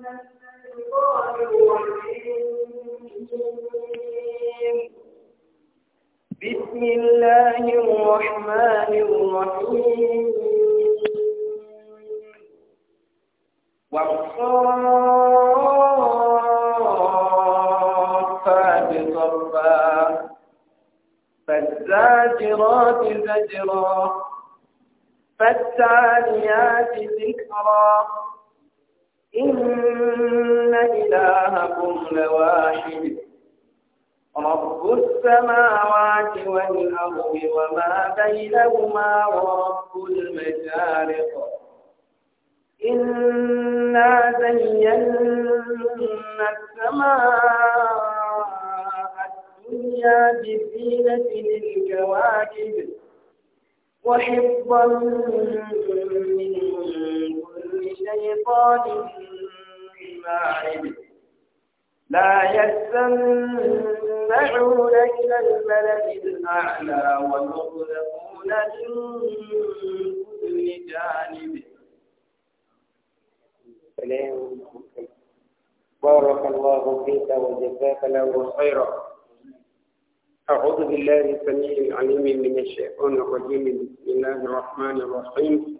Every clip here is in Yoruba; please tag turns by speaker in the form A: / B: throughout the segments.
A: بسم الله الرحمن الرحيم والصافات صفا فالزاجرات زجرا فالتاليات ذكرا إن إلهكم لواحد رب السماوات والأرض وما بينهما ورب المشارق إنا زينا السماء الدنيا بزينة للكواكب وحفظا من شيطان لا يستمعون إلى الملك الأعلى ويغلقون من كل جانب
B: بارك الله فيك وجزاك الله خيرا أعوذ بالله السميع العليم من الشيطان الرجيم بسم الله الرحمن الرحيم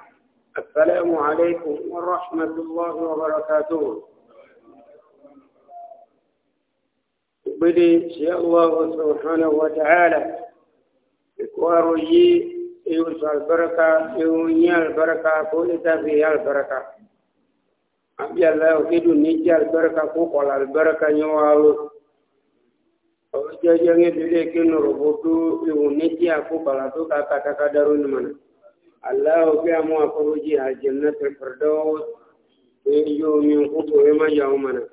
B: السلام عليكم ورحمة الله وبركاته بدي شاء الله سبحانه وتعالى إكوارو يي يوسع البركة يوني البركة كل فيها البركة أبي الله كيدو نيجي البركة كوكول البركة نيوالو ọjọ́ jẹ́ ń gbé lé kí nùrọ̀ bó tó ìwò ní tí àkókò àlàtó الله كام وفوجها جنة الفردوس ويجو من قطو ما يومنا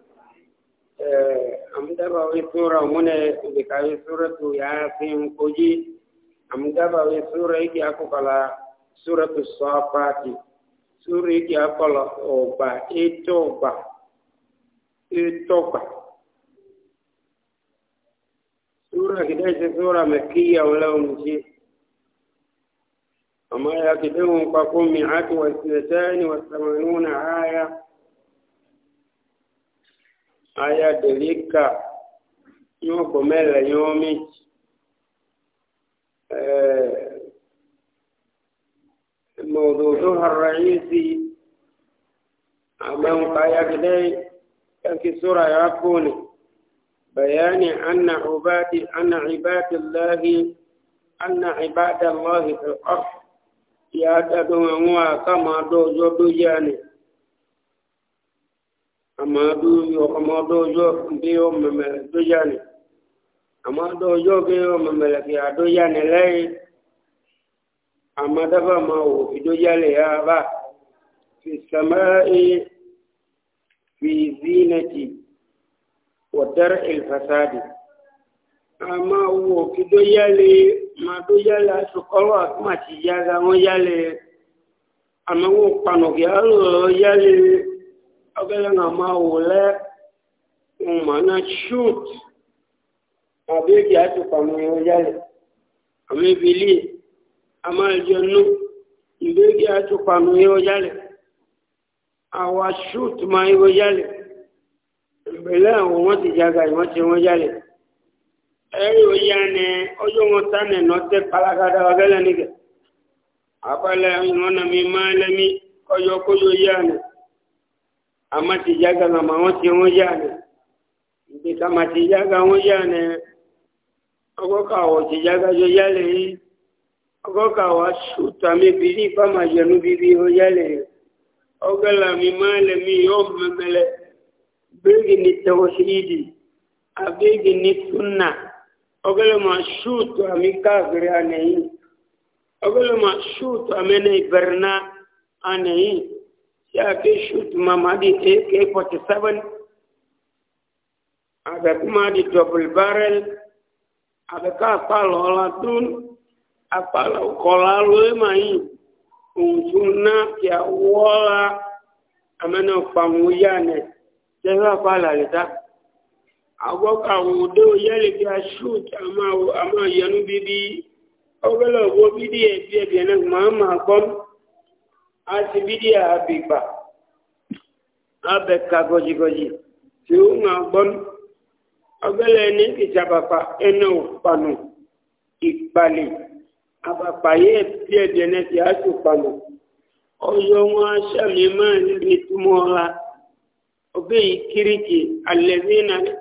A: أمدبا وسورة هنا
B: بكاي سورة ياسين كوجي أمدبا وسورة يكي أكو كلا سورة الصافات سورة يكي أكو كلا أوبا إتوبا إتوبا سورة كده سورة مكية ولا مجيء وما يكذبهم فقم مئة واثنتان وثمانون
A: آية
B: آية دليكا يوم يومي آه، موضوعها الرئيسي أمام آية كذلك كان في سورة يقول بيان أن عباد أن عباد الله أن عباد الله في الأرض ya dado ŋu a kama do yɔ do ya ne ama do yɔ ama do yɔ bi yɔ mɛmɛ do ya ne ama do yɔ bi yɔ mɛmɛ le ya do ya ne lɛ ye ama daba ma wo fi do ya le fi sama eye fi zinati wa dar el fasadi ama wo fi do ya le màdó yálẹ asokɔlɔ àtúmàtì yára wọn yálẹ amewo kpanɔgɛ alɔ yálẹ ɔbɛlɛ ŋama wò lɛ ŋmana shoot abebi ato kpanɔgɛ wọn yálẹ amebili amalidzɔnu ìbéèrè atukpanu yìí wọ́n yálẹ̀ àwa shoot ma yìí wọ́n yálẹ̀ ìbẹ̀lẹ̀ àwọn wọ́n ti jaga yìí ti wọ́n yálẹ̀. e oyé o ọjọ́ wọn tánà nọ́tẹ́ palagada ọgẹ́lẹ̀ nígẹ̀ abala ìwọ̀nà mi máa lẹ́mí ọjọ́ kójó yé ẹni àmà ti jága màmá wọn ti wọn yé ẹni ìgbè kàmà ti jága wọn yé ẹni ka kàwọ̀ ti jága jọ yálẹ̀ yìí ọgọ́ kàwọ̀ sùtàmì bìlí ìfàmà jẹnu bíbí yi yálẹ̀ yìí mi ni ni ogolo ma shutu ami kafiri aneyi ogolo ma shutu amene berna aneyi ya ke shutu mamadi ak-47 ada kuma double barrel ada ka palo olatun apalo kola loe mai unjuna ya wola amene pamuya ne Jẹ́wọ́ apá àlàlẹ́ta agwọka wudo yẹlẹbi ashut ama ama yanu bibi ọgbẹlẹ ọgbọ bidi ẹbi ẹbi ẹnẹ màmá gbọm asi bidi abigba abẹ ka gọjigọji tí ó ŋà gbọm ọgbẹlẹ ẹni kìtsabapa ẹnẹ òkpanu ìkpali abapa yẹ ẹbi ẹbi ẹnẹ tí asu kpanu ọyọ wọn asami máa níbi túmọ̀ la ọbẹ yìí kiriki alẹ́ bí nàlẹ́.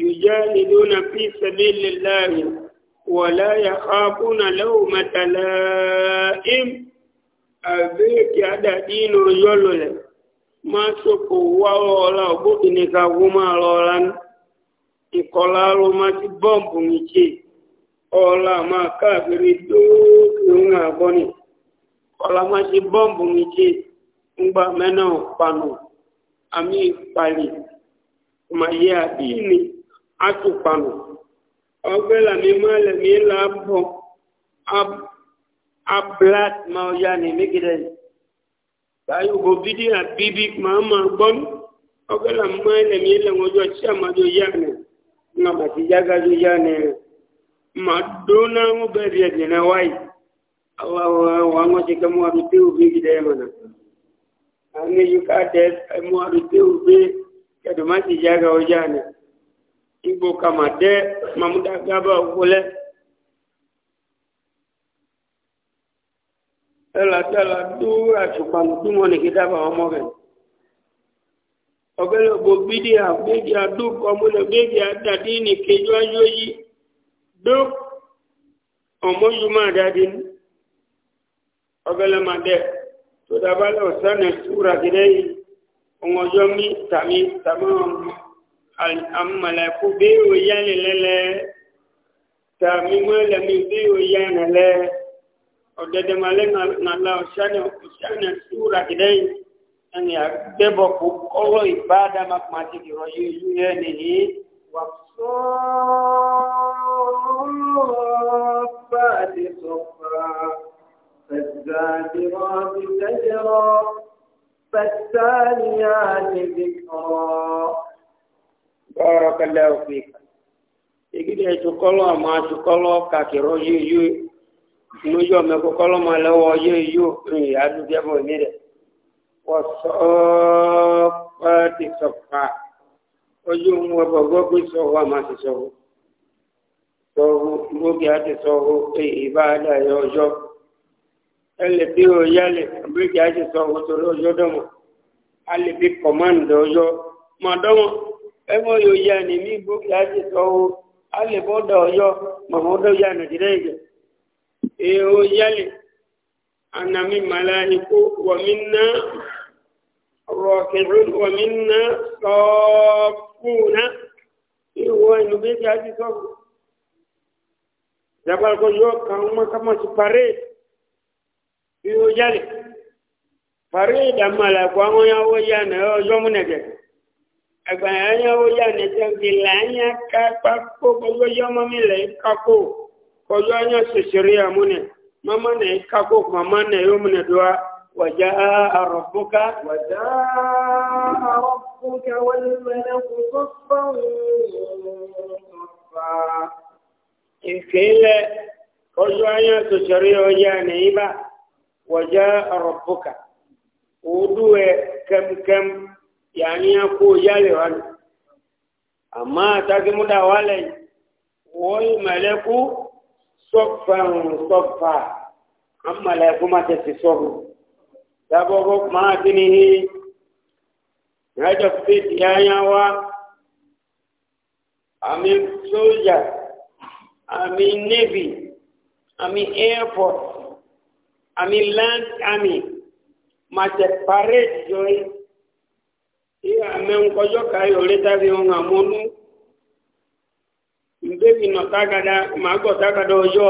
B: يجاهدون في سبيل الله ولا يخافون لومة لائم أبيك على دين يلول ما سكوا ولا بدنك وما لولان إقلال ما تبomb نيشي أولا ما كافر دوك ينعبني أولا ما تبomb نيشي ngba mẹ́nà panu àmì ìpalẹ̀ màyé àbí ni atùpanù ọgbẹ́ làmí má lẹ̀mí là bọ̀ ablat ma ọya ní mẹ́gẹ́dẹ́ báyìí ògbò bídí àbíbí máa máa gbọ́n ọgbẹ́ làmí má lẹ̀mí lẹ̀wọ̀n ọjọ́ tí a máa jọ yá ni nga ma ti jágájọ yá ni ma dóná ń bẹ̀rẹ̀ ẹ̀dẹ̀ náà wáyìí àwọn àwọn àwọn ti kẹ́ mú àbí tí òbí gidẹ́ yẹn mọ̀nà àwọn èyí ká dẹ́ mú àbí tí òbí kẹ́dùmá ti jágá ọjà ni igbo kama de mamuda gaba wole elatala du atukpanu du mɔni kita ba ɔmɔ kɛ ɔbɛlɛ bo bidi a bidi a du kɔmu na bidi a dadi ni kedzo ayo yi do ɔmɔ yuma dadi ni ɔbɛlɛ ma dɛ todaba lɛ ɔsɛnɛ sura kele yi ɔmɔdzɔ mi tami tami ɔmɔ. amalaku bi o yani lele tami mala mi bi o yani lele odede male na la shani shani sura kidai ani debo ku olo ibada
A: makumati kiro yu yani ni والصفات صفا فالزاجرات زجرا فالتاليات ذكرا
B: بارك الله فيك يجد يتقلوا ما تقلوا كاكرو يجو نجو مكوكلوا ما لو يجو يادو جابو نيري والصفات صفا ojú ń wọ bọ̀gọ́ pé sọ́wọ́ a máa ti sọ́wọ́ sọ́wọ́ gbógi o emo yo yani mi book ya ji to ale bodo yo mamodo yana direge e o yale ana min malaiku wa minna raki'un wa minna safuna e o no be ya ji to jabal ko yo kan ma kama ci pare e o yale pare da mala kwa mo ya agbanyanya wo ya nete vi le anya kakpa kpo gbogbo yɔ mami le kako kɔyɔ anya sosori amu ne mama ne kako mama ne yɔ mu ne doa wàjà arọ̀bùkà. wàjà
A: arọ̀bùkà wọlé mẹ́lẹ́ kò tó fáwọn ọ̀rọ̀
B: ìfẹ́lẹ̀ kọjú anya sosori ọjà ne yìí bá wàjà arọ̀bùkà òdu ẹ kẹmkẹm yani ya ko yale wani amma ta ga muda walai wai malaku soffan soffa an malaku mata ci sohu ta gogo ma tinihi na da fit yayawa amin soja amin navy amin airport amin land army mata parade joy
A: iya menkɔjɔ ka yi ole ta fi mɔnu
B: mbebi nɔ taga da ma gbɔ taga da ɔjɔ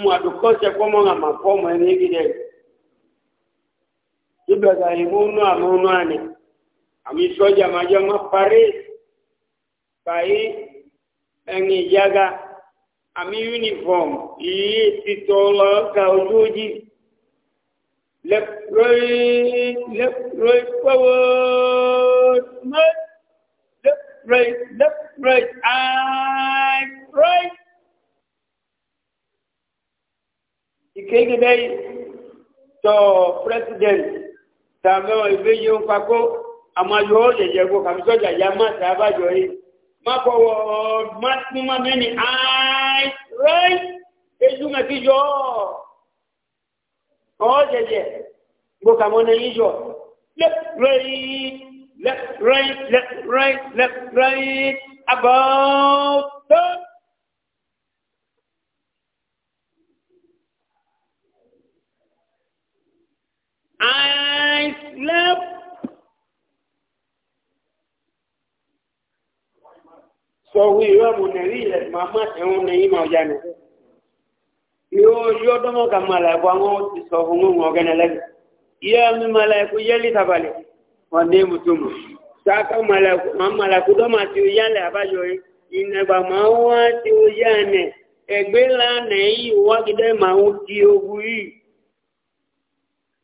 B: mo adu kɔsɛ kɔmɔ ŋa ma kɔ mɔ ɛni egi dɛ ibɛ yi mo nu ani ami sɔdza ma jɛ ma paris ka yi ɛŋi yaga ami uniform yi titɔ lɔ ka ojú dzi left right, left right, forward, left, left right, left right, and right. Ìkéde bẹ́ẹ̀ tọ president tàbí ìwé yóò pakó àmọ́ yóò yẹ̀yẹ̀ kó kàbí sọ́jà yá má sábàjọ́ yìí. Má fọwọ́ má tún má mẹ́ni and right. Ejú mà ti yọ ọ́ kọ́ jẹjẹ gbọ́ka mọ́ náà yíyọ left right left right left right left right about turn. eyes left. sọ wí ìwé ọmọ nàìjíríà màmá ẹ̀hún ní yóò yóò dɔmɔ ka malayiku an k'o sɔfɔ ŋo ŋɔ kɛnɛ lɛ yɛ mi malayiku yɛli tabali wa ne muso ma saa ka malayiku ma malayiku dɔ ma ti o yɛ a b'a yɔ ye ìnagba ma wá ti o yɛ nɛ ɛgbɛ la nɛ yi wá ki dɛ ma o ti o bu yi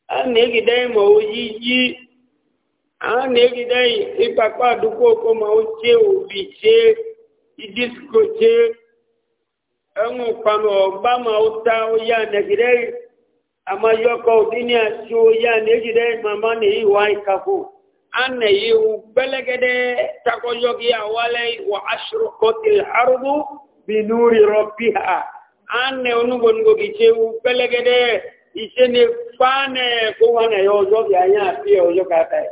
B: an ne ki dɛ ma o yi yi an ne ki dɛ ipakpa duku o ko ma o tse o bi tse idisko tse. ẹ̀wọ̀n ìpanu ọba ma ó ta ó yá nẹ̀gìdẹ́ yọkọ òdínní àti ó yá nẹ̀gìdẹ́ màmá nìyí wá ìkàkó ana yi wu gbẹlẹgẹdẹ takọjọgi awalẹ wa aṣọ kọtìlì harubu binuri rọbì ha ana onugbonugbo kìí gbẹlẹgẹdẹ iṣẹ ni fáànẹ kó àyàn àfi ọjọ kàtà ẹ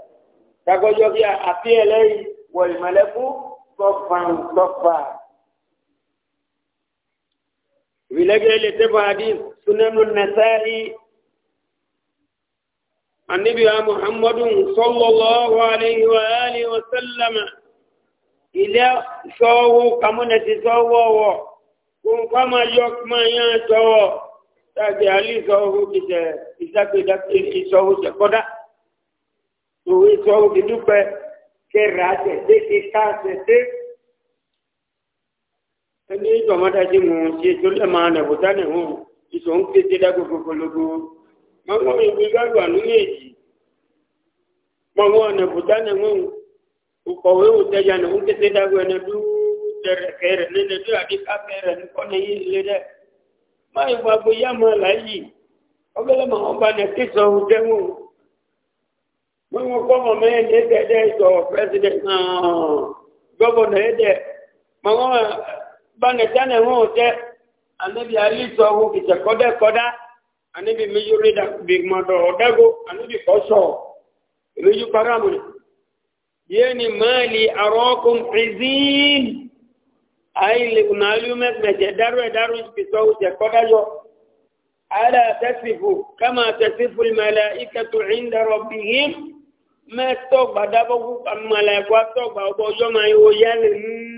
B: àfi tọfà vilevile letevo hadith sunanu nasai annabi wa muhammadun sallallahu alaihi wa alihi wa sallama ile sowo kamuna ti sowo wo kun kama yok ma ya sowo tàbí ali sowo kìtẹ ìsàgbéda ẹni ìjọ mọ́dájí mú ṣe tó lẹ́ máa nẹ̀bù dání hùn ìṣò ń kéde dágbò gbogbologbo mọ́mọ́ ìwé gbàgbà nínú èyí mọ́mọ́ nẹ̀bù dání hùn òkọ̀wé ò ní ń kéde dágbò ẹni tẹ̀rẹ̀kẹ́ rẹ̀ nínú rẹ̀ nìkọ́ ní yí dẹ́ máa láyì ọgbẹ́lẹ́ sọ mẹ́rin ní banetane hɔn tɛ anabi ali sɔhu kisɛ kɔdɛ kɔda anabi meyuri da bi mɔdɔ ɔdago anabi kɔsɔ meyu paramu ne yéeni maali arɔkum ɛziin ayi lekunaalu mɛtɛmɛtɛ daru ɛdaru kisɔwu tɛ kɔda yɔ ala tɛsifu kama tɛsifu mɛlɛ ikatu ɛnda rɔbihim mɛtɔ gbadabɔ mɛlɛ kɔ tɔ gbadabɔ yɔma yi o yɛlɛ nuu.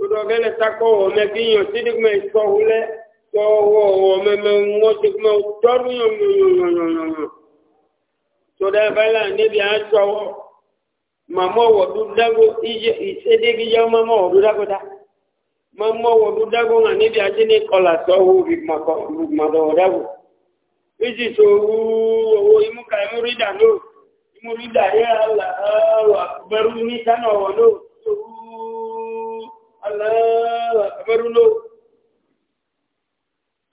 B: tudɔgɛlɛ takɔ wɔmɛ kí yɔ sidikumɛ sɔwulɛ tɔwɔ wɔmɛ mɛ ŋɔsikumɛ tɔdu nyɔnyɔnyɔnyɔnyɔ tudɔgɛlɛ níbi asɔwɔ mamɔ wɔdu dago iye isedegi yɛ mamɔ wɔdu dago ta mamɔ wɔdu dago ŋa níbi ati ni kɔla sɔwu bimakɔ bimadɔwɔ dago esi sɔwu owó imuka
A: imurida no imurida yɛ ala awɔ akpɛru ní sanɔwɔ no abẹ́rúlò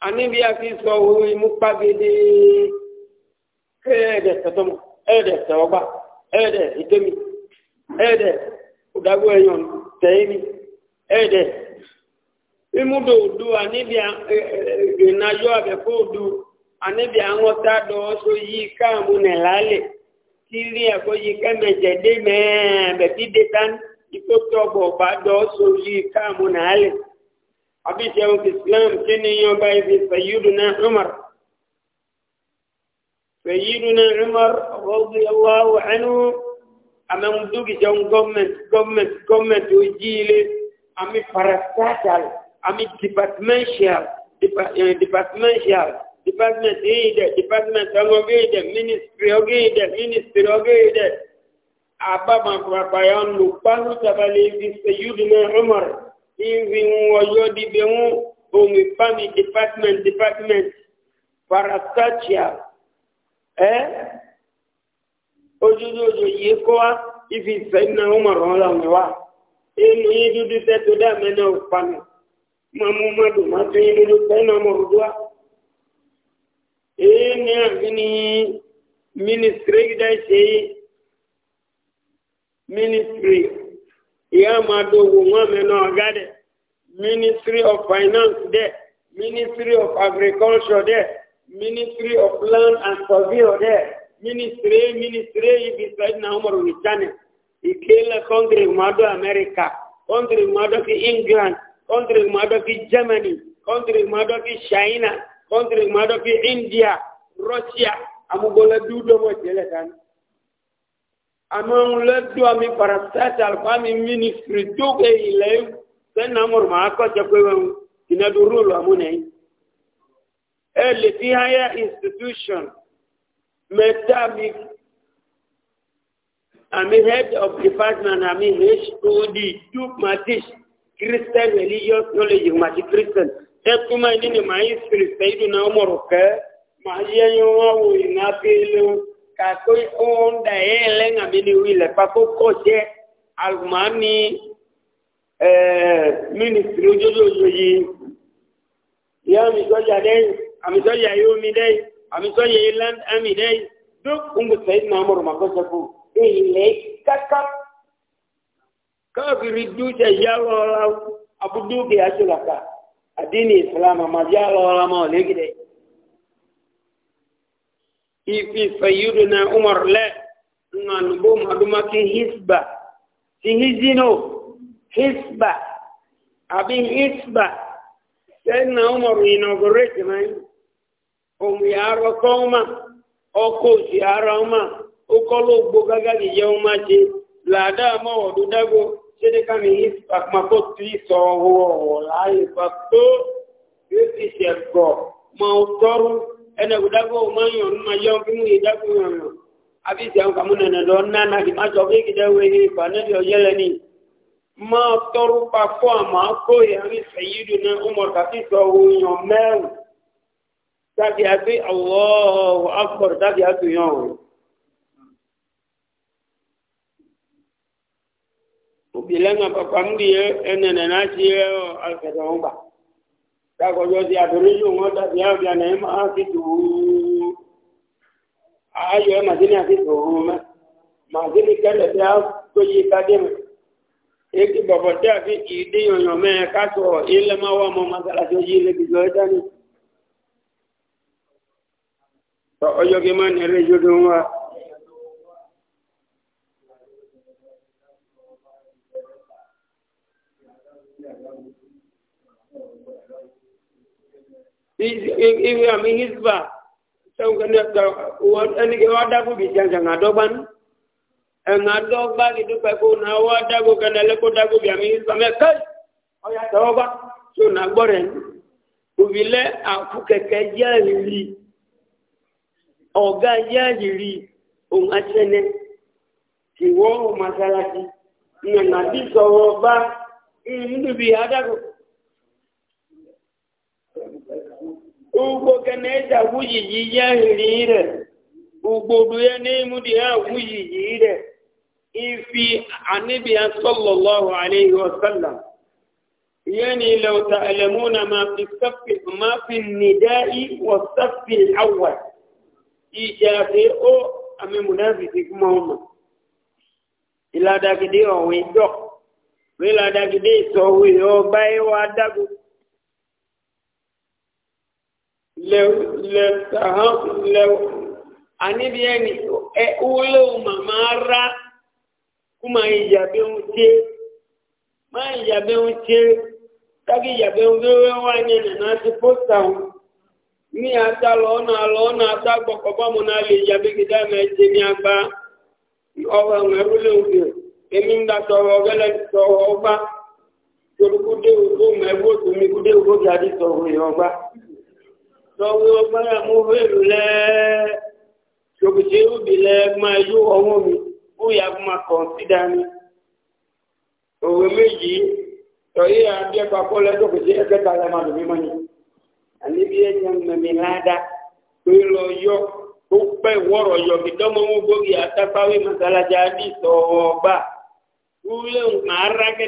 B: àníbi àfi sọ ohun ìmúpagede ẹ̀ẹ́dẹ̀ tẹ̀tọ́mọ ẹ̀ẹ́dẹ̀ tẹ̀wọ́gbà ẹ̀ẹ́dẹ̀ ìtẹ́mi ẹ̀ẹ́dẹ̀ ọ̀dàgbọ́ ẹ̀yàn tẹ̀yẹ́mi ẹ̀ẹ́dẹ̀ imudo odu àníbi ìnáyọ àbẹ̀kọ́ odu àníbi àwọn tádọ̀ ọ̀ṣọ́ yìí káàmù nẹ̀ lálẹ̀ kí rí ẹ̀kọ́ yìí kẹ́mẹ̀jẹ̀ dé mẹ́ẹ̀ẹ́bẹ̀ fi dé tan ìtòtọ́bọ̀ bá dọ́ sórí káàmù nàálẹ̀ àbíṣẹ́ òkè islam tí ní yọba ibi sayyiduna umar sayyiduna umar rọ́bì aláwọ̀ ẹnu àmẹ́mú dúkìjọ gọ́ọ̀mẹ̀ntì gọ́ọ̀mẹ̀ntì gọ́ọ̀mẹ̀ntì ojí ilé àmì parastatal àmì departmental eh, departmental department yìí dẹ̀ department ọgọ́gẹ́ yìí dẹ̀ ministry ọgẹ́ yìí dẹ̀ ministry ọgẹ́ yìí dẹ̀ ababa kwapayan lupanu tabali di sayyidina umar inzi woyo di bemu omi pami department department parastatia eh ojojojo ye kowa ifi sayyidina umar wala mewa inu idudu tetu da mena upanu mamu madu matu inudu sayyidina morudua ini agini ministre gida sheyi ministry ìyá máa dogo wọn mẹ́nà ọ̀gá dẹ̀ ministry of finance dẹ̀ ministry of agriculture dẹ̀ ministry of land and Survey dẹ̀ ministry ministry ibi sẹ́yìn náà ọmọ rẹ̀ channel ìkéle kọ́ńtìrì mọ́dọ̀ amẹ́ríkà kọ́ńtìrì mọ́dọ̀ sí england kọ́ńtìrì mọ́dọ̀ sí germany kọ́ńtìrì mọ́dọ̀ sí china kọ́ńtìrì mọ́dọ̀ sí india russia amúgbọ́lá dúdú ọmọ ìjẹ́lẹ̀ dání among let do ami parastat alfami ministry toge ile tena morma akocha kwewe kinadurulu amune ele ti higher institution metabi ami head of department ami HOD two matis Christian religious knowledge mati Christian ekuma ni ni maestri saidu na umoroke majenyo wao kakó ọ̀ndà yẹ lẹ́nà mi ni wílẹ̀ pàkó kọjẹ́ alùmọ́ni mínísítírì ojoojúmọ́ yìí yẹ àmì sọ́jà dẹ́yìn àmì sọ́jà yóò mi dẹ́yìn àmì sọ́jà yìí land army dẹ́yìn duk ń gbèsè ní àmọ́rò màkọ́sẹ̀ fún ilẹ̀ kaka káàkiri dúdà yà lọ́la abudu kìí aṣọ làkà àdínì ìsìlámù àmàjà lọ́la mọ́ ọ̀lẹ́gídẹ́yìn. ifi sayyiduna umar le na bo maduma ki hisba ti hizino hisba abi hisba sayyidina umar inaugurate mai o mu yaro koma o ko si ara ma o ko lo gbo gaga ni je o ma se la da mo odu dago se de kan hisba ma ko ti so ho la ifa to yo ti se go ma o toru ene udago umanyo numa yon kimu idago yon abisi yangu kamune nendo nana kimacho kiki dewe hii kwa nende ojele ni ma toru pa kwa ma koi hangi sayidu na umar kakiso hunyo mewu taki hati Allahu Akbar taki hati yon ubilenga papa mdi ene nenachi yeo alkata umba kakɔjɔ di adorejo ŋɔ dabi abia na ɛma ake tu, ayo ɛma dini ake tu, mɛ ma dini kɛlɛ bi akpɛyi kadi mɛ eki bɔbɔ tɛ afi idi yɔnyɔ mɛ kasɔ ilɛma wa mɔ masalasi yi ni, zɔ ɛdani
A: tɔ ɔyɔ kema nɛrɛ jo do wa.
B: iwe àmì hizba ẹnikẹ́ wá dágò bí jàǹjà ńà dọ́gba ní ẹ̀ńà dọ́gba kìdú pẹ̀kú náà wá dágò kẹ́nà ẹlẹ́kọ́ dágò bí àmì hizba mẹ́kẹ́ ọ̀yà tẹ́wọ́gbá tí ò náà gbọ́rẹ̀ ní òbí lẹ́ àfú kẹ̀kẹ́ yá ìrì ọ̀gá yá ìrì òun àtẹ́nẹ́ ìwọ́ màsálásí ìyànnà bí sọ̀rọ̀ bá ìrìn níbi adágò ugbo kene eji agwụyiji ihe ahịrị ire ugbodu ya n'imu dị ya agwụyiji ire ifi anibiya sallallahu alaihi wasallam يعني لو تعلمون ما في الصف ما في النداء والصف الأول إجابة أو أم منافسك مهما إلا داك دي أو ويدوك وإلا داك دي سوي أو باي وادقو anibi ẹni le, màmá rá kú máa ìyà bí ń ṣe máa ìyà bí ń ṣe tági ìyà bí ń wéwé wá ní ẹ̀nà ti pósítà wọn ní ata lọ́nà lọ́nà ata gbọ̀kọ̀ bọ́mù náà lè ìyà bí gidá mẹ́jẹ ní agbá ọwọ́ ẹ̀wọ̀n ẹ̀wúlò òbí èmi ń da tọrọ ọgẹ́lẹ́ tọrọ ọgbá torúkú dé ògbó mẹ́wó tòmí kú dé ògbó jáde tọrọ ìyọgbá
A: lọ́wọ́ ọgbára mú wèrú lẹ́ ṣòkòtì òbí
B: lẹ́ máa yó ọwọ́ mi ó yà kó máa kàn sídà mi. òwe méjì tọ́yé àbí ẹ̀kọ́ akọ́lẹ̀ ṣòkòtì ẹ̀kẹta lẹ́ máa lòmí mọ́ni. àní bí ẹ jẹun mẹ́mi láda pé lọ yọ ó pẹ́ wọ́rọ̀ yọ kí dọ́mọ mú gbógi àtàkpáwé mọ́sálásí àbí sọ̀ọ́ bá wúlé ń máa rá kẹ́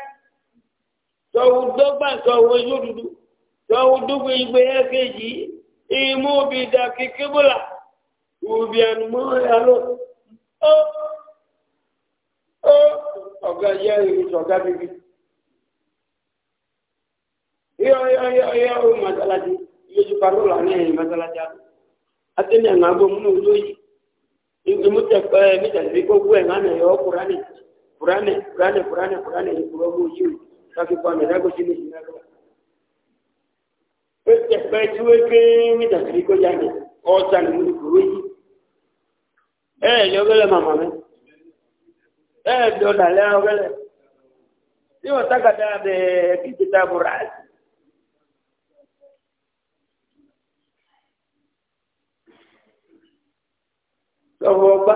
B: tọ́wọ́ dọ́gba tọ́wọ́ yóò dúdú tọ́wọ́ dọ́gba ìgbé ẹ̀kẹ́jì ìmú bí da kéké bọ́là òbí ànumọ́ ya ya ó ó ọ̀gá yẹ ìrìn sọ̀gá bíbí.
A: yọ yọ yọ yọ ó
B: masalasi yóò parọ́ la ní ẹ̀yìn masalasi àná. atẹ́ni àná abọ́ múnú olóyè ìmúṣẹ̀pẹ́ nígbà tí kò gbọ́ ẹ̀ ńlá yọ ọ́ kúránì kúránì kúránì kúránì kúránì ìkúrọ́ bó yí o kaki kwa mi nago chini chinago pete pete weke mi dakiri ko jani ota ni muli kuruji eh yogele mama me eh dola leo yogele sio taka dabe kitabu rasmi sọ̀rọ̀ ọgbá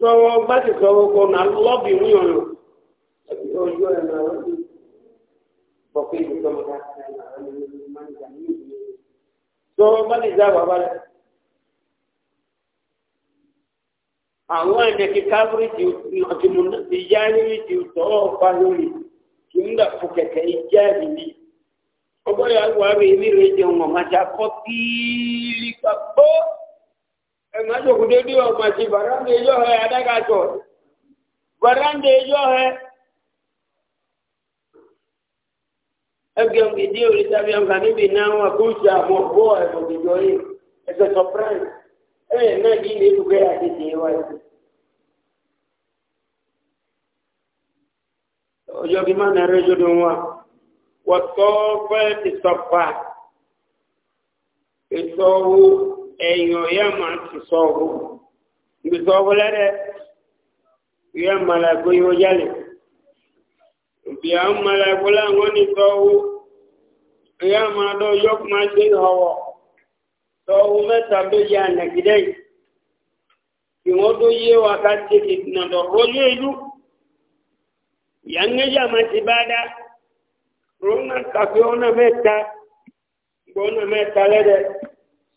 B: sọ̀rọ̀ ọgbá ti sọ̀rọ̀ ọkọ̀ náà lọ́bìnrin ọ̀nà
A: ojú ẹ̀ náà wọ́n ti bọ̀ pé ibi tó ń bá ṣe àwọn ẹni máa ń jà ní ìlú. tó mọ́nìjà
B: bàbá rẹ̀ àwọn ẹ̀dẹ̀kẹ̀ káfírí ti ìmọ̀ ti yá lórí ti tọ́ ọ̀pá lórí kì ń dàpọ̀ kẹ̀kẹ́ ìjà ìdí. ọgbọ́n yà wà rè mí rè jẹun ọ̀ma ṣe akọ́ kíílí pàpọ́ ẹ̀ má ṣòkòtò dé ọ̀ma ṣe bàrá ń de ẹjọ́ ẹ̀ adágàtọ̀ bàrá ń de ẹjọ́ ẹ̀. ẹgbẹ̀rún gidi orí tàbí ọgbà níbi náà wọn kó ṣe àwọn ọgbọ́ ẹ̀bùn gbìjọ yìí ẹgbẹ́ surprise ẹ̀rẹ̀ náà yìí lè lùgbẹ́ àdìsí wa yìí. ọjọ́ bí máa nàárẹ̀ jọdọ̀ wọn wọ́n tọ́ fẹ́ẹ̀tì sọ́fà ìsọ̀wọ́ ẹ̀yàn yà máa ti sọ̀wọ́ ìgbésọ̀wọ́ lẹ́rẹ̀ yà máa làgbóyè wọ́n jálẹ̀ ìbí àwọn máa làgbó láwọn ní sọ̀wọ́ ya máa lọ yọkùn máa gbé ọwọ́ lọ ohun mẹ́ta ló yẹ ànàgídẹ́ yìí kí wọ́n tó yé wa ká ṣe kìtìnà lọ rọlé ìlú ìyá méjì máa ti bá dá rọ́nà kàfé ọ̀nà mẹ́ta gbọ́nà mẹ́ta lẹ́dẹ̀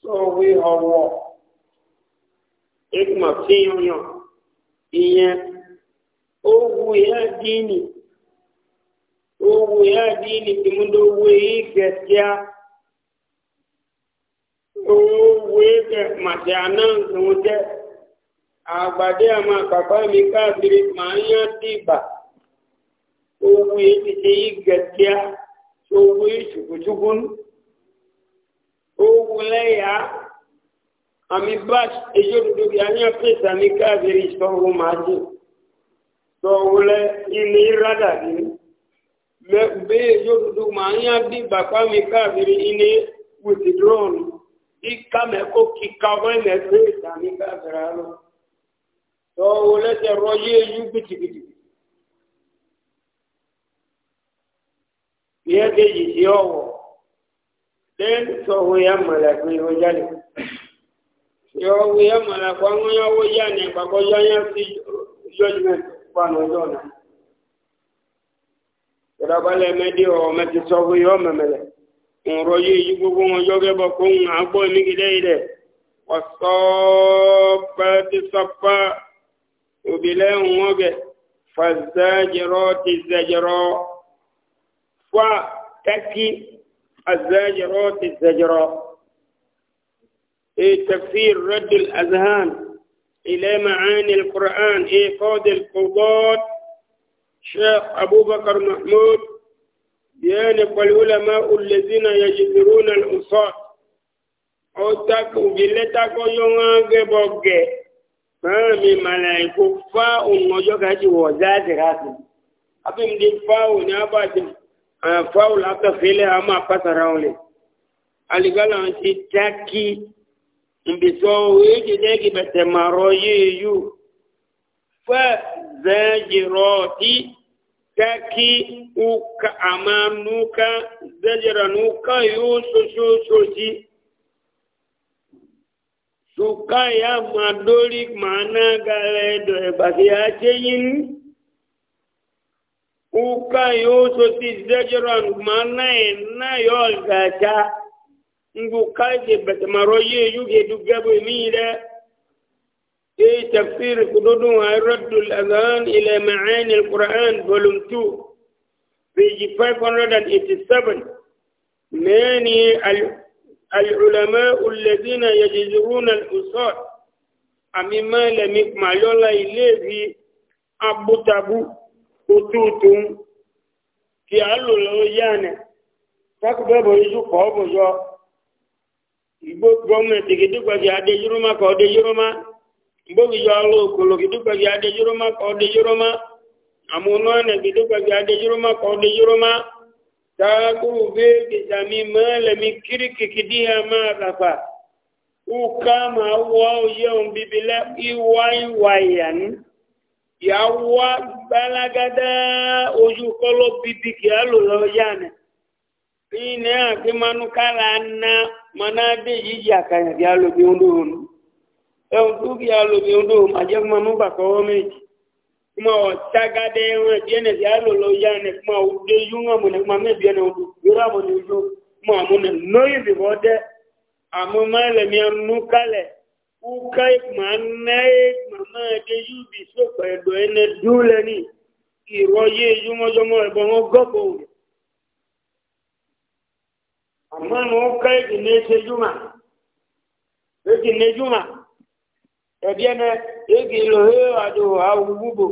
B: sọ̀wé ọwọ́ ìkùmọ̀ fi yan yan ìyẹn
A: ó wu ìyá dín owu ya dini timun da owu
B: yi gaskiya owu ya ga mace a nan da wuce agbade a ma mi kafiri ma an ya tiba owu ya ti ce yi gaskiya owu ya shukushukun owu ya àmì báṣ èyí òdòdó bí a ní ọ̀pẹ́sà ní káàkiri ìṣọ́wó máa jù tọ́wọ́lẹ́ ilé rádà ní mɛ u bɛ yododo ma an y'a di bakpa mi kaabiri ine withdrawal i ka mɛ ko k'i ka bɔ mɛ fe sami kaabiri alo tɔ o lɛ tɛ rɔ ye yu bitigidi yɛ de yi yɔ wɔ den tɔho ya mala ko yɔ jali yɔ ya mala ko an ka yɔ wo ya ne gbàgbɔ yɔ ya fi jɔjumɛ kpanu jɔ na ìrọ̀bálẹ̀ mẹ́dí ọ̀rọ̀ mẹ́ti sọ fún yọ mẹ́mẹ́lẹ̀ ńrọ̀ yìí yí gbogbo wọn yọ gẹ́bọ̀ kó ń àgbọ̀ ní gidẹ́ ilẹ̀ ọ̀sọ́pẹ́ ti sọpá òbílẹ̀ wọn gẹ̀ fàzẹ́jẹrọ ti zẹjẹrọ fà tẹ́kí àzẹ́jẹrọ ti zẹjẹrọ إيه تفسير رد الأذهان إلى معاني القرآن إيقاظ القضاة شيخ أبو بكر محمود يانف العلماء الذين يجبرون العصاة أو تاكو بلتاكو يونغ بوغي فامي ملايكو فاو نوجو كاتي وزاد راسي أبي مدي فاو ناباتي فاو لاتا فيلي أما فاسراولي aligala ti taki mbiso wiki deki bete maro yeyu fazajirati kaki uka amanuka zajiranuka yusu susuji suka ya ma ma madolik mana galedo ebasi ache yini uka yusu ti zajiran mana ena yol gacha ngukaje betamaroye yuge dugabu emire في تفسير قدودها رد الأذان إلى معاني القرآن فولوم 2 page 587 ماني العلماء الذين يجزرون الأصول أمي لم يكمل الله إليه أبو تابو أتوتم في a lò lọ́wọ́ yáàni fákùbẹ́bọ̀ ijú kọ́ ọ̀bọ̀ yọ ìgbó gọ́ọ̀mẹ̀tì kìdígbàgbé adé mbogi jalo kolo gidu ka gi ade juroma ko de juroma amuno ne gidu ka gi ade juroma ko de juroma ta ku be ki sami male mi kiriki kidia ma rafa uka ma wa ye on bibile i wai wayan ya wa balagada oju kolo bibi ki alo lo yana ine akimanu kala na mana de yiji akanya bi alo bi undunu ẹ̀hùn dúkìá lòbí odò màjẹ́ fún ọmọ bà kọ́wọ́ méjì kuma ọ tagade ẹ̀hùn ẹ̀díẹ̀nẹ̀ sí àlòlò ya ẹ̀nẹ̀ kuma ọdẹ yúngà mọ̀nẹ̀ kuma mẹ́bí ẹ̀nẹ̀ odò yóra mọ̀nẹ̀ ojú kuma àmúnẹ̀ lóyè bìbọ̀ dẹ́ àmú mẹ́lẹ̀mí ẹnu kalẹ̀ kúkà ìkùmà náà màmá ẹ̀dẹ́ yú bí sọ̀pọ̀ ẹ̀dọ̀ ẹ̀nẹ̀ dúlẹ̀ ní ìrọ̀yé yúmọ́jọmọ́ ẹ̀bọ̀n gọ́pọ̀ òde àmọ́ ẹ̀nu kúkà ìkùnà ẹ̀ṣẹ́júmà ẹ̀ṣẹ́júmà ebiene egilo he ado awububo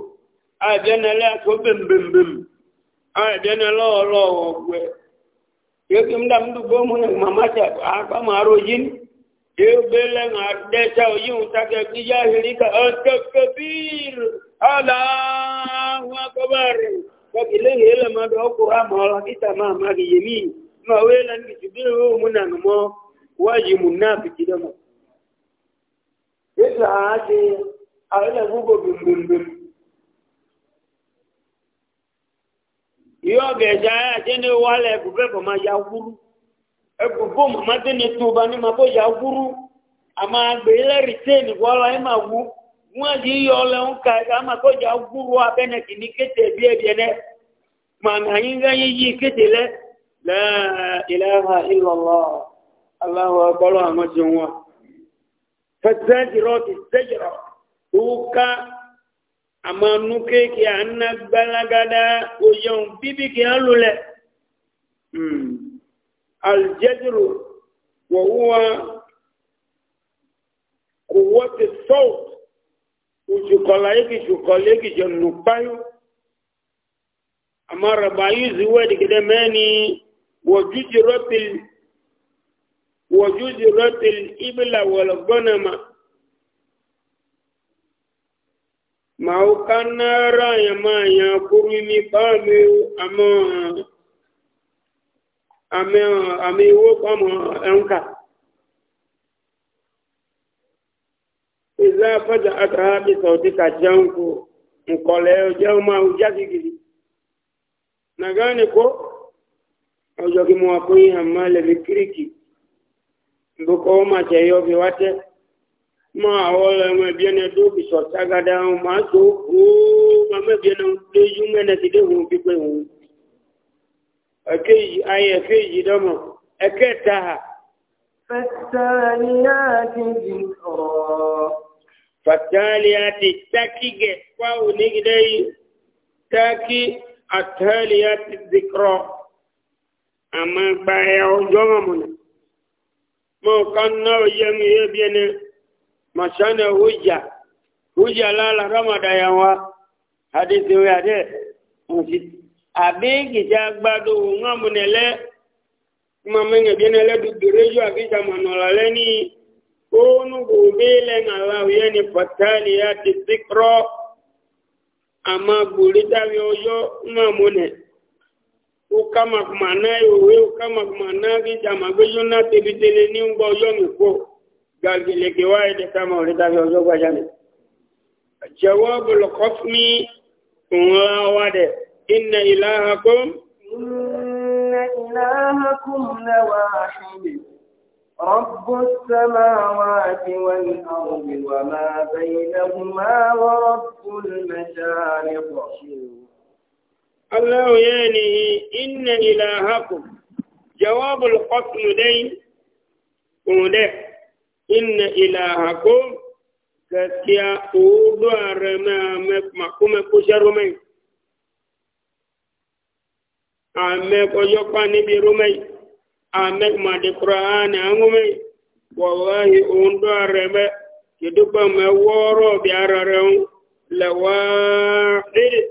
B: abiene le ko bembembem abiene lo lo ogwe yeki mda mdu bomu ne mamacha apa maro jin ebele na desa oyi utake kijahilika atakbir allahu akbar kakile hele madu okura mola kitama magi yemi mawela ngisibiro munanmo waji munafiki domo
A: yadda a ake a ina gugu bimbim
B: yóò gẹ̀ẹ́sẹ̀ ayé àti ẹni wà lẹ̀ ẹ̀bùbẹ́ bọ̀ ma ya wuru ya wuru ama àgbélé rìtẹ́ẹ̀nì wọ́lá ẹ̀ máa wú ọ lẹ́hún ká ẹ̀ka máa kọ́ ya wúrú a kì ní kété bí ẹ̀bí ẹ̀ náà màmá yín gáyé ha fazajirati zajra uka amanuke ki anna balagada oyon bibi ki alule mm aljadru wa huwa quwwatu sawt ujukola yiki jukole ki jonnu payo amara bayu ziwadi kidemeni wa jujratil وجزرت الإبل والغنم mau kana raya ma ya kuru mi ba mi ama ame ame wo pa mo enka iza faja ataha bi sautika janku nkole jau ma ujaki gidi na gani ko ojo ki mo akoi hamale bikiriki boko ma ce yo bi wate ma wala ma biene do bi so taga da ma do ku ma ma biene
A: de yu me na de hu bi ko hu akai
B: ay akai ji da mo akata ha
A: fataliyati dhikra
B: fataliyati takige kwa unigi dai taki ataliyati dhikra amma baya ujoma muna mo kan na yeng ye biene mashana huja huja lala ramada ya wa hadithi we ade musi abi kija gbadu ngamunele mamenge biene le du durejo akija manola leni onu gubile ngala yeni fatali ya dhikra ama gulita vyoyo ngamune ukama kumanaye uwe ukama kumanagi jamagweyo na tebitele ni ngba oyo miko gageleke waede kama ulitavyo oyo kwa jani jawabu lkofmi unwa wade inna ilahakum
A: inna ilahakum lawahid رب السماوات والأرض وما بينهما ورب المشارق الله
B: يعني إن إلهكم جواب القسم دي وده إن إلهكم كسيا أودوار ما مكومة كشرمي أمك يقاني برمي أمك ما دقرآن أمومي والله أودوار ما يدوبا ما وورو بيارارون لواحد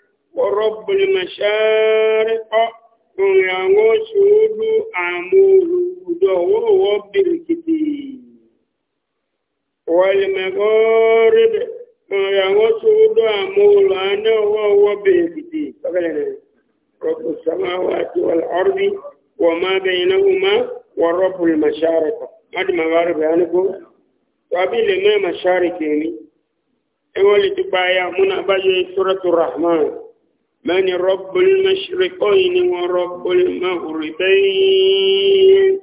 B: ورب المشارق ونعمو شهود عمور دور رب الكتير والمغارب ونعمو شهود عمور أنا ورب رب السماوات والأرض وما بينهما ورب المشارق هذا مغارب يعني وابيل ما مشاركيني إيه ولي تبايا من أبي سورة الرحمن من رب المشرقين ورب المغربين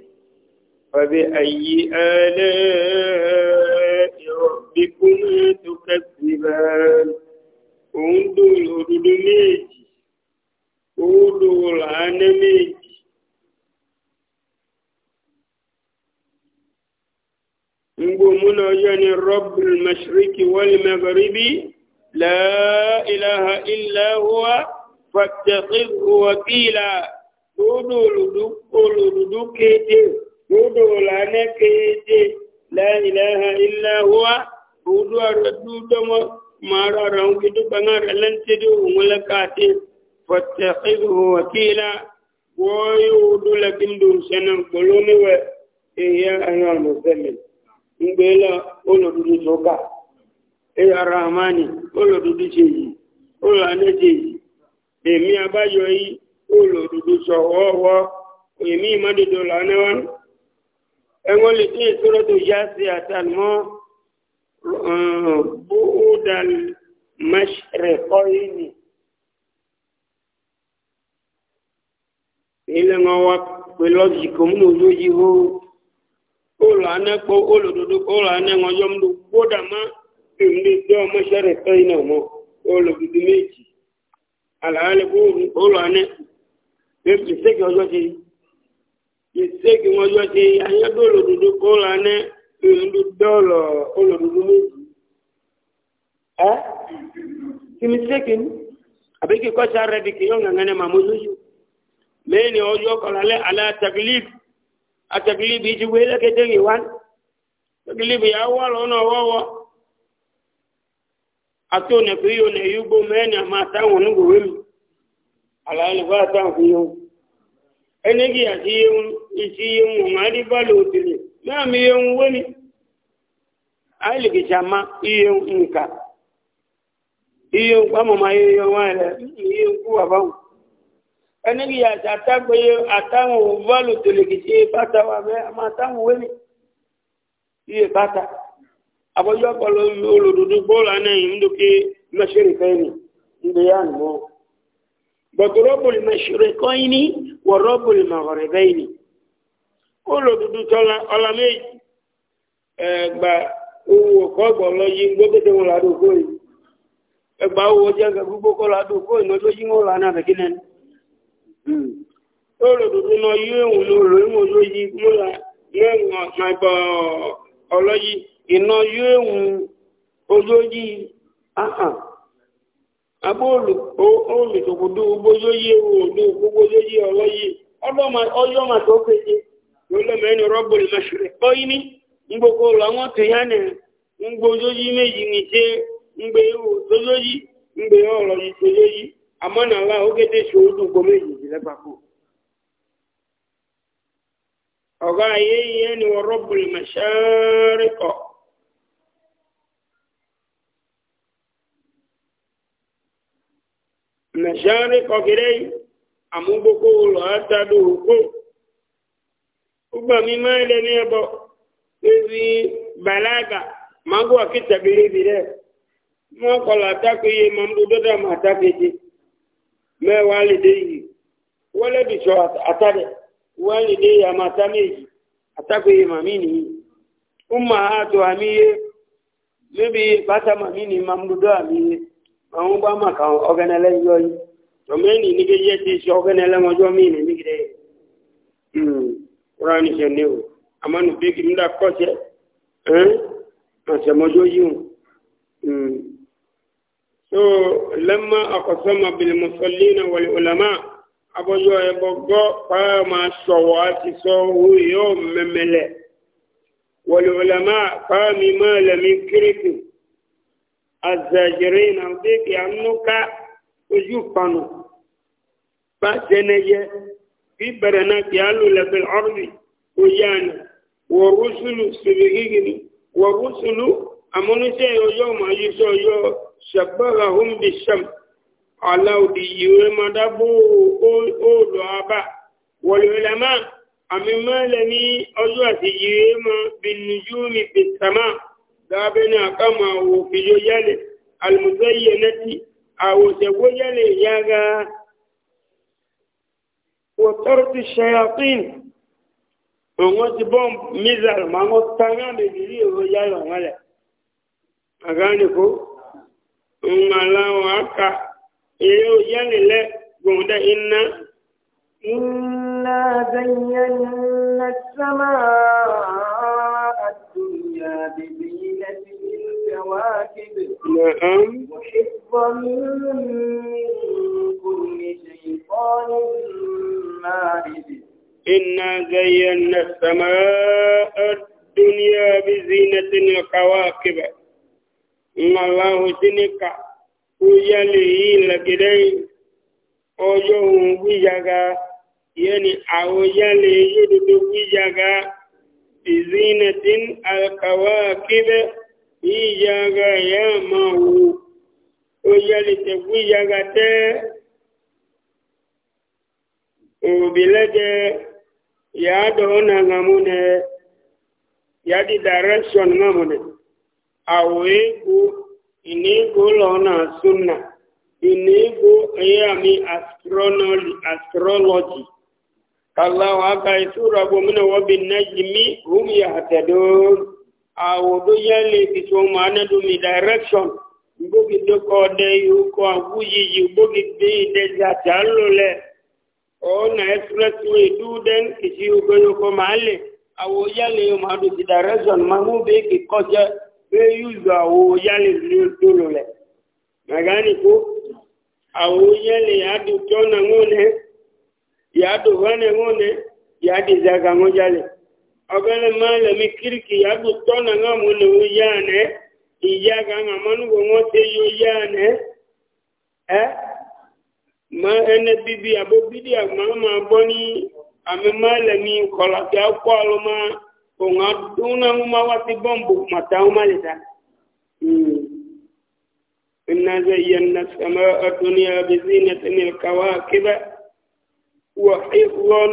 B: فبأي آلاء ربكما تكذبان قولوا الأردن قولوا العنا ميجي نقول من رب المشرق والمغربي لا إله إلا هو فاتخذه وكيلا لودو لدوكو لدوكو لودو لانكيتي لا إله إلا هو لودو ردودو ما رأوا كتو بنا رلنتدو ملكاتي فاتخذه وكيلا ويودو لكن دون سنم قلوني وإيا أيها المسلم إن بلا أولو دوكا eyi arahamani olódodo ṣe yìí olùhànẹ́ ṣe yìí èmi abáyọ yìí olódodo ṣọwọ́wọ́ èmi ìmọ̀dodo lànẹ́ wa ẹ̀wọ́n lè dín ìṣòro tó yá sí àtàlùmọ́ búdàl mẹ́ṣẹ̀rẹ̀kọ́ yìí ni. ilẹ̀ wọn wá pẹ̀lú ọ̀sìkò mú ojú yìí hó olùhànẹ́ pọ̀ olódodo olùhànẹ́ wọn yọ mú gbódà máa ilé jẹ́ ọmọ ṣẹ́rẹ̀ fẹ́ iná mọ́ olùdíje méjì àlàálẹ̀ bóòlù àná ìṣègì ọjọ́ ti ìṣègì wọn ọjọ́ ti ayédò olùdíje bóòlù àná ìlú dọ́ọ̀lọ̀ olùdíje méjì
A: ẹ́ kí ni ṣègì ni
B: àbí kí kọ́ṣà rẹ̀ di kí yọ̀ ngàn ní màmú lóṣù mẹ́ni ọjọ́ kọ̀ọ̀lẹ́ àlẹ́ àtàkìlíbì àtàkìlíbì ìjìwé lẹ́kẹ́tẹ́ ìwá àtàkìlíbì yà wà lọ́nà ọwọ́wọ́ ato ne fi yo ne yugo mene ma ta wonu go wemi ala ni e ba fi yo enegi ati yun iti yun ma di balo tile na mi yun wemi ali ki chama iyo nka iyo pa mo ma iyo wa le iyo ku wa ba enegi ya ta ta gbe ata won balo tile ki ti pata wa me ma ta won pata abọ́jọ́ kọlọ olódodo bọ́ọ̀lù anáyìn ń dókè mẹ́ṣẹ́rì fẹ́ẹ̀rì ńgbé yá nù mọ́ bọ̀tù rọ́bùlì mẹ́ṣẹ́rì kọ́yìn ní wọ rọ́bùlì màgọ̀rẹ̀ bẹ́ẹ̀ ni olódodo tọ́lá ọlá méjì ẹgbà owó ọkọ̀ ọgbọ̀lọ́ yìí gbọ́gbẹ́dẹ́ wọn ládùn kóyì ẹgbà owó ọjọ́ na gbogbo kọ́ ládùn kóyì lọ́jọ́ yìí wọn lánà àbẹ̀kí náà olódodo náà yóò wù lóòrò ìmọ̀ lóyìí múlá mẹ́wọ̀n ọlọ́yìí iná yóò hun ojóyí ahàn abóòlù olùsòkòdó gbójóyí òòlù gbójóyí ọlọ́yí ọjọ́ mà tó péye lọ́lọ́mẹ́ni rọ́bùrì mẹ́ṣẹ̀rẹ̀ kọ́yí ní gbogbo àwọn tèèyàn gbójóyí méjì ní ṣe ngbe òtójóyí ngbe ọ̀rọ̀ ìtójóyí àmọ́nàlá ógédé
A: ṣòódù gómìnà ìjìlẹ́pàpọ̀
B: ọ̀gá ayé yẹn ni wọ́n kọ́ mẹ̀ṣánrí kọkìrẹ́ yìí àmúgbókó lọ átàdó òkú ugbàmí máa lẹ ní ẹbọ níbi bàlágà mágó àkìtà bèrèbì rẹ wọn kọlọ àtàkéye mamdu dọdà mà àtàkéje mẹwàá lè dé yìí wọlé bìtọ àtàdẹ wọn lè dé yàmà àtàméjì àtàkéye màmí nìyí ó mà á tó àmì yé níbi bàtà màmí nìyí mamdu dọ àmì yé àwọn bá mà kà wọn ọgẹnẹlẹ yọ yìí tọmẹni ní kéjẹ ti ṣe ọgẹnẹlẹ wọn jọ mí ní nígidẹ rọ ní ṣe ní o àmọnù bí kì í dá kọsẹ ẹn àṣẹmọjọ yìí o hmm. so lẹmọ akọsọmọ bilimusolina wàlẹ ọlọmọ abọjọ ẹbọ gbọ pààyà máa ṣọwọ àti sọ owó yóò mẹmẹlẹ wàlẹ ọlọmọ pààyà mi máa lẹmí kíríkì azajiri na beki anuka ojú panu bá jẹnẹyẹ bí bẹrẹ náà kí á lulẹ bí ọrùbí oyáni wọrúsùlù sùlùhìgìrì wọrúsùlù amúnisẹ ọyọ màáyísọ ọyọ sàgbọrà hùmbìsàm aláwùdí ìwé madábò òòlù abá wọlùwẹlẹmà àmì mẹlẹ ní ọjọ àti ìwé mọ bìnnìjú mi pèsàmà. دابنا كما وكيو يلي المزينة أو سبو يلي ياغا وطرد الشياطين ونغوت بوم ميزال ما نغوت تانيا بجري وياي ومالا أغانيكو ومالا وعكا إيو يلي لك قمدا إنا
A: إنا زينا السماء الدنيا بالدنيا الكواكب نعم وحفظا من كل شيطان مارد
B: إنا زينا السماء الدنيا بزينة الكواكب إن الله تنكا ويلي لكدين أجوه ويجاغا يعني أويلي يدد ويجاغا بزينة الكواكب ìyára ẹ̀yà máa wo oyálẹ̀tẹ̀kú ìyára tẹ́ òbílẹ́dẹ̀ yàádọ̀ ọ̀nà àmúnẹ̀ yàdí direction àmúnẹ̀ àwọ̀ égbò ìnígbò lọ́nà súnà ìnígbò ẹ̀yà mi astrology kàláwà àgbà ìtura gbòmìnà wọ́bí náà yìí mí rúmi àtẹ̀dọ́rọ̀ àwòdó yẹ́lẹ̀ ìtò ọmọ anẹ́dùnmí direction gbógidé kọ́ ọdẹ ikọ̀ àgúyìyì gbógidé ìdẹ́jì àti àlòlẹ̀ ọ̀nà expressway dúdẹ́n kìsí ogbóyokọ̀ máa lè àwò yẹ́lẹ̀ ọmọ àdùsí direction máa mú bẹ́ẹ̀ kì kọjá bẹ́ẹ̀ yúzọ àwò yẹ́lẹ̀ lólẹ̀ mẹgáníkù àwò yẹ́lẹ̀ yàdù tọ́nà ńwọ́nẹ́ yàdù hánẹ̀ ńwọ́nẹ́ yàdù ìzàgà ńwọ́jálẹ̀ ọgana malami kirki ya bụ tọna nga mụ na oya ne iya ga nga manu go ngote yo ya ne eh ma ene bibi abo bidi ya ma ma boni ame malami kola ya ko aluma ko nga duna ma wati bombu mata umalita mm inna zayyana samaa dunya bi zinatin al-kawakib wa hifdhan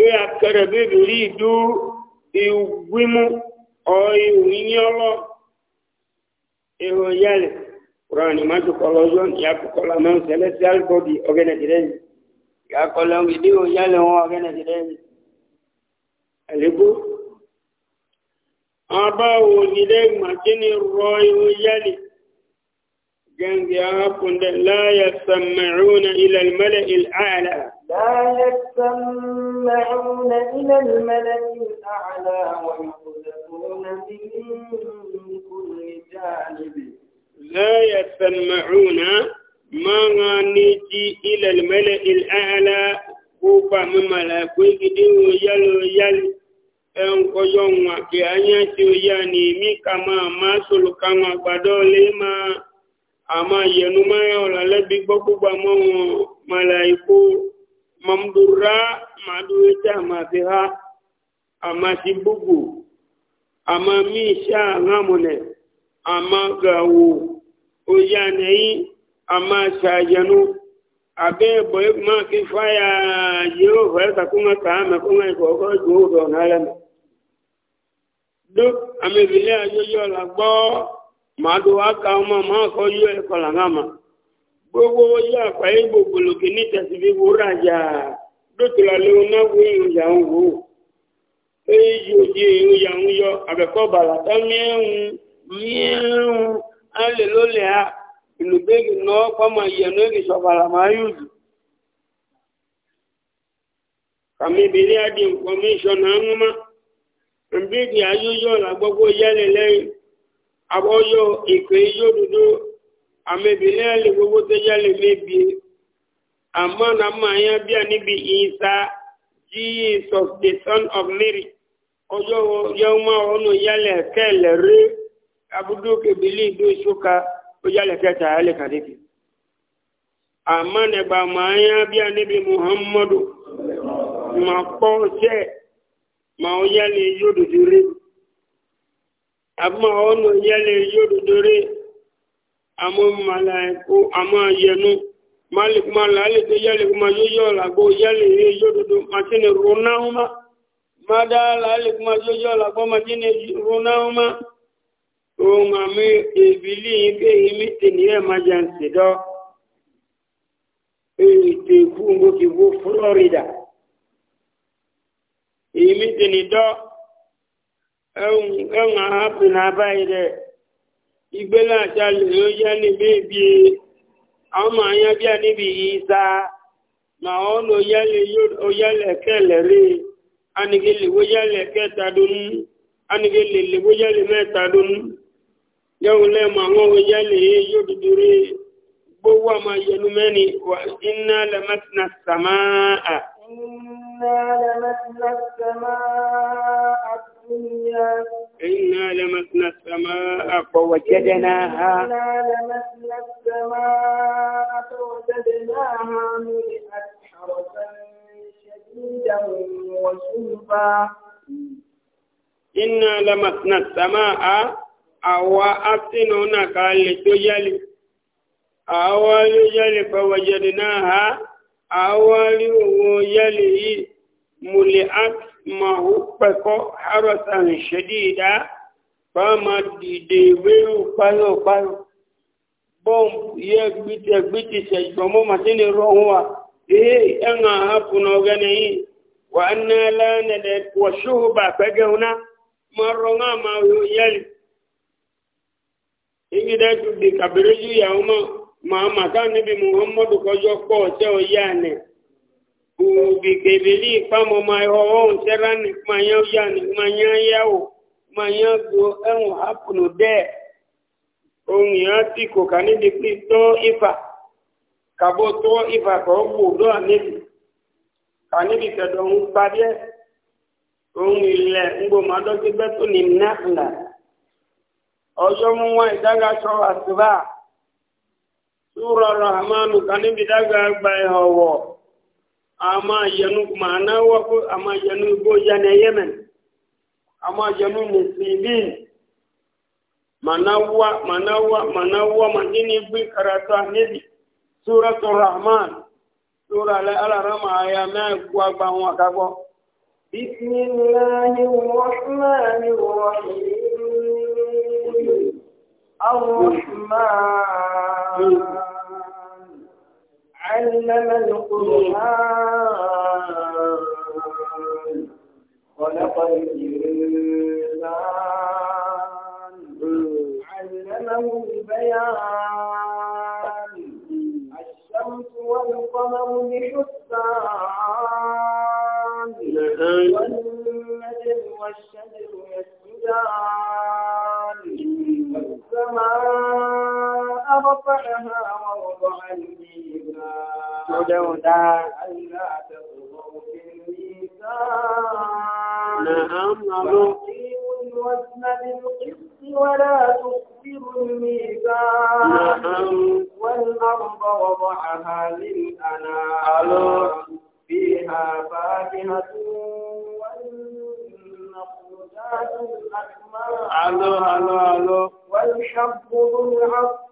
B: ee akara bebiri idu iwimu ọiwunyọlọ ihò yẹlẹ quran majukọlọjọ yakukọla mẹ celestial body ọgẹnẹgẹdẹyìn yakọlọ ìdí ihò yẹlẹ wọn ọgẹnẹgẹdẹyìn àlébó abáwo nílé màkínní rọ ihò yẹlẹ gẹngẹ ahapundẹ láyà sàmẹrún ilẹ mẹlẹ ilẹ àyàlẹ.
A: ذلك سمعون إلى الملك الأعلى ويقذفون من كل جانب لا يسمعون ما نيجي
B: إلى الملك الأعلى كوبا مملا كويكي يلو يلو ẹnkọ yọ wọn kí anyá tí ó yá ni mí ka máa máa sòlò ká wọn àgbàdo lè máa àmà yẹnu máa yọ ọ̀là lẹ́bi gbọ́ gbogbo àmọ́ wọn màlàíkó mamdurra maduita mafiha ama tibugu ama misha ngamune ama gawu uyanei ama shajanu abe boy ma kifaya yo hata kunga kama kunga koko judo nalama duk amevile ajoyo la gbo maduwa kama ma ko yo ko la ngama gbogbo yá àpáyé gbogbològì ní tẹ̀síbí wúrà yá dótòlà lóun náà wí ìyá ń o èyí òjì ya ń yọ àbẹ̀kọ́ bàlàtà mẹ́rin
A: mẹ́rin
B: alẹ́ ló lẹ́ à ma náà pọ́mọ ìyẹnú èkì sọ̀bàlà máa yù jù. kàmí ìbílẹ̀ àdì kọ́míṣọ̀nà ńmá ìbílẹ̀ lẹ́yìn dúdú. amebile le gbogbo tẹjá le mebi àmọ́ na máa yá bí a níbi ìsa jesus the son of mary ọjọ́ yọmọ ọ̀nà yálẹ̀ kẹlẹ̀ rí abudu kebili ìdó ìṣúka ó yálẹ̀ kẹta yálẹ̀ kàdékì àmọ́ nẹ̀gbà máa yá bí a níbi muhammadu ma kọ́ ṣẹ́ ma ó yálẹ̀ yóò dòdò rí àmọ́ ọ̀nà yálẹ̀ yóò dòdò rí àmọ́ màláìkó àmọ́ yẹnu màláìkó yẹ́lẹ̀ kó máa yóyọ́ làgbó yẹ́lẹ̀ yé yódodo màtínì ronáhùnmá mádá làálẹ̀ kó máa yóyọ́ làgbó màtínì ronáhùnmá ohun àmì ìbílí yìí pé èmi tèmi ẹ̀ máa jẹun sí dọ́ ètò ìkú mo ti wo florida èmi tèmi dọ́ ẹ̀hún ẹ̀hún àhápì náà báyìí dẹ́ ìgbélé àjálù ló yá ní bébí àwọn máa yá bí a níbi ìsá màá ọ́n òyálẹ̀ kẹlẹ̀ rí anigele wóyálẹ̀ kẹta dún anigele lè wóyálẹ̀ mẹ́ta dún yẹ́wò lẹ́mọ àwọn òyálẹ̀ yóò dúdú rí gbówó àmà yẹnu mẹ́ni wà iná lẹ́mẹ́tìnà sàmáà.
A: iná lẹ́mẹ́tìnà sàmáà.
B: إنا لمسنا السماء فوجدناها
A: إنا لمسنا السماء فوجدناها ملئت حرسا شديدا وشوفا
B: إنا لمسنا السماء أو أفتنونا قال تجلي أو يجلي فوجدناها أو يجلي muliat mahupẹkọ harasan ṣẹdíìdá fáma dìde wéru páyọpáyọ bọmb yẹ gbìtẹ gbìtẹ ṣẹjọmọ màtínì rọhùn wa ee ẹnà hapun ọgẹnẹ yìí wà á ná lánàlẹ wọ ṣùgbà pẹgẹun náà mọ rọhùn àmà yẹlì igi dájú di kàbírẹ́jú ìyàwó mọ́ màá màkà muhammadu kọjọ ya ubikebili kpamọ ma ọwọ nsẹra ni mmanya ya ni kumanya yawo kumanya do ẹnu hapunu dẹ ohun ya ti ko ka ni dikpi ifa kabo tọ ifa kọ gbò dọ anibi ka nibi kẹdọ ń ohun ilẹ ngboma ọjọ ka ama yanu maana wako ama yanu Bo na Yemen ama yanu muslimin manawa manawa manawa manini bi karata nabi suratul rahman sura la ala rama aya na gwa gba won akabo
A: bismillahir rahmanir rahim علم القرآن خلق الإنسان علمه البيان الشمس والقمر بحسان والنجم والشجر يسجدان والسماء رفعها موضع الميزان ألا تطغوا في الميزان نعم وأقيموا الوزن بالقسط ولا تخسروا الميزان نعم والأرض وضعها للأنام فيها فاكهة والنخل ذات الأكمام والحب ذو العصف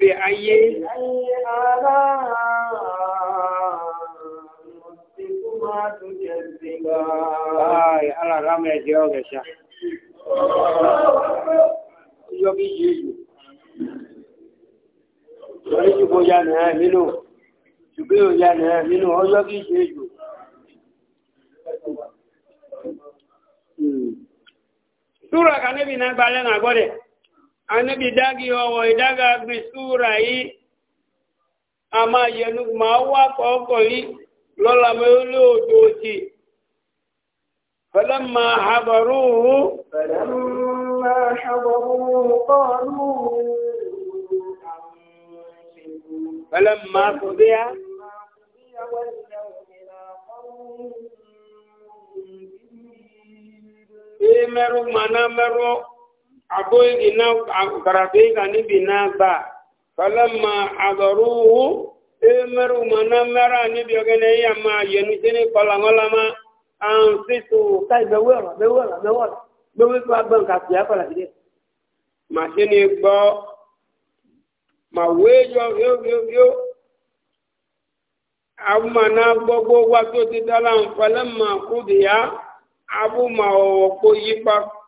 A: níbi ayé. Ay, alára mi ẹ̀jẹ̀ ọ̀gẹ̀ ṣá. Yọ bí yìí yìí. Orí jùbọ́ ya nìyà nínú. Jùbọ́ ya nìyà nínú. Ọjọ́ bí yìí yìí.
B: Súra kan níbi náà gbọ́dẹ̀ anabi dagi owo idaga bisura yi ama yenu ma wa ko ko yi lola me lo doji
A: فلما حضروه فلما حضروه قالوا
B: فلما قضي إيه مرو منا مرو aboyi na garabe ga nibi na ba falamma adaruhu emeru mana mera nibi ogene ya ma yenu sini kolangola ma an situ kai bewela bewela bewela bewe ko agban ka ti akola ti ma se ni gbo ma wejo yo yo yo amma na gbogbo wa to ti dala falamma kudiya abu ma o ko yipa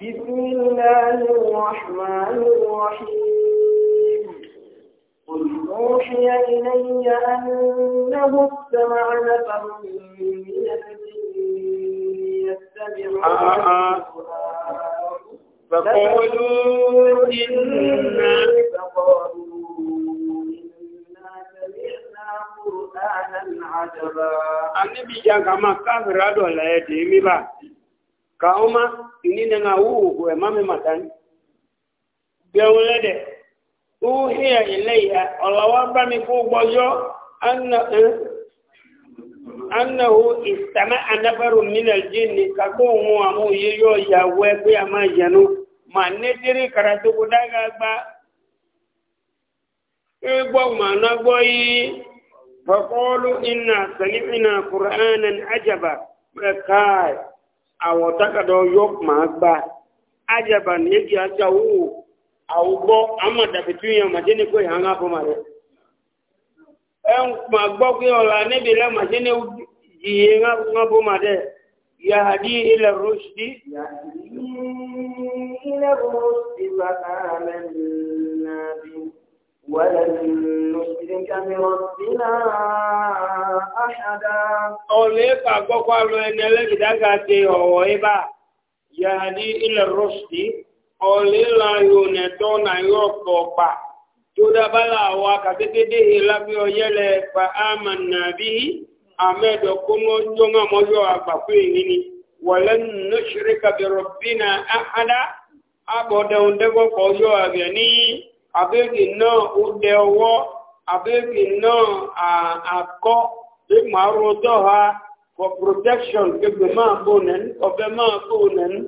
A: بسم الله الرحمن الرحيم قل أوحي إلي أنه استمع نفر من يتبعون فقالوا إنا فقالوا إنا سمعنا قرآنا عجبا النبي جاء
B: كما كافر هذا ولا يتيمي بقى kaoma inine nga uuwe mame matani geulede uuhiya ilaya olawabami kubojo anna eh, annahu istama'a nafarun min aljinni kakumu amu yiyo yawe bi amajanu manetiri karatu kudaga ba igbo mana gboyi فقالوا إنا سمعنا قرآنا عجبا kai àwọn takàdọ̀ yọ máa gbà ájẹ̀bà ní èkì àti àwòwò àwògbọ́ àmọ̀ dàbìtì yẹn màjẹ́ ní pé ìhàn àbọ̀ màrẹ̀ ẹ ń máa gbọ́ pé ọ̀la níbi lẹ́ màjẹ́ ní ìyè àbọ̀ màrẹ̀ yàdí ilẹ̀
A: rọ́ṣdì. yàdí ولن نشرك بربنا أحدا أولئك أقوى لأن الذي دعاتي هو
B: إبا يهدي إلى الرشد أولئك ينتون يوكوبا tudabala wa kakekede bihi àbẹ́ẹ̀kì náà ó ọwọ ọwọ́ àbẹ́ẹ̀kì akọ àkọ́ ìmọ̀ràn ha for protection gbogbo máa bò nẹ́nu ọ̀fẹ́ máa bò nẹ́nu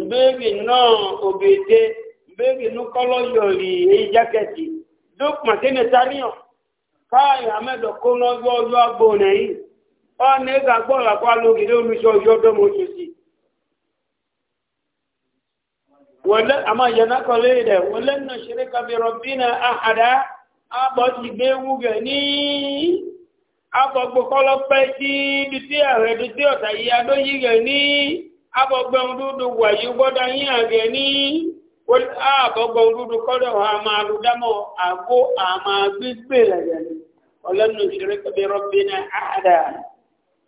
B: ìbéèrè náà òbèdè ìbéèrè ní kọ́lọ́ yọ̀rì èyí jákẹ́tì dókùnmọ̀ tí ní sáríyàn káàyè amẹ́dọ̀ kó ọ na wọlé àmà yẹnà kọlé rẹ̀ wọlé nà ṣeré kàbírọ̀ na àhàdá àbọ̀ ti gbé wúgẹ̀ ní abọ̀gbọ̀kọ́lọ́ pẹ́ tí dùtí ààrẹ dùtí ọ̀tà yìí adó yìí ní abọ̀gbọ̀n dúdú wàyí gbọ́dọ̀ yìí àgẹ̀ ní kọ́dọ̀ àmà àlùdámọ̀ àgó àmà gbígbé ní ṣeré àhàdá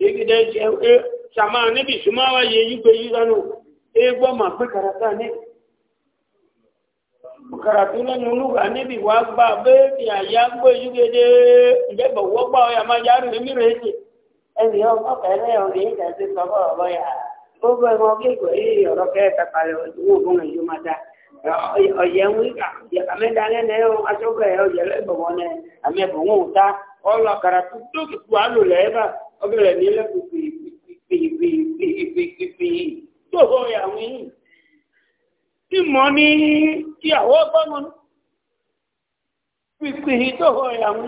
B: ìgbìdẹ̀ níbi yí karatu lẹ́nu olúwa níbi wàá gbà bẹ́ẹ̀ ni àyà ń gbé yúgede ìjẹ́bọ̀ wọ́pọ̀ ọ̀yà máa yá rèé mi rèé sí. ẹnì ọkọ fẹrẹ ọrẹ ìdájọ sọgbọ ọ̀rọ̀ yà
A: gbogbo ẹmọ kíkọ yìí ọ̀rọ̀ kẹ kàkàlẹ owó ògùn ẹjọ máa dá ọyẹ ń
B: wí kà àmẹta lẹnẹ ọ aṣọgbọ ẹ ọyẹ lẹbọwọ nẹ àmẹbọ wọn ò ta ọlọ karatu tókì tó àlò lẹẹbà ọbẹ rẹ nílẹ kò pè pè pè pè pè pè pè tó tí mọ́ ní ìyàwó
A: ọgbọ́mọ ní pípín tó họ ìyàwó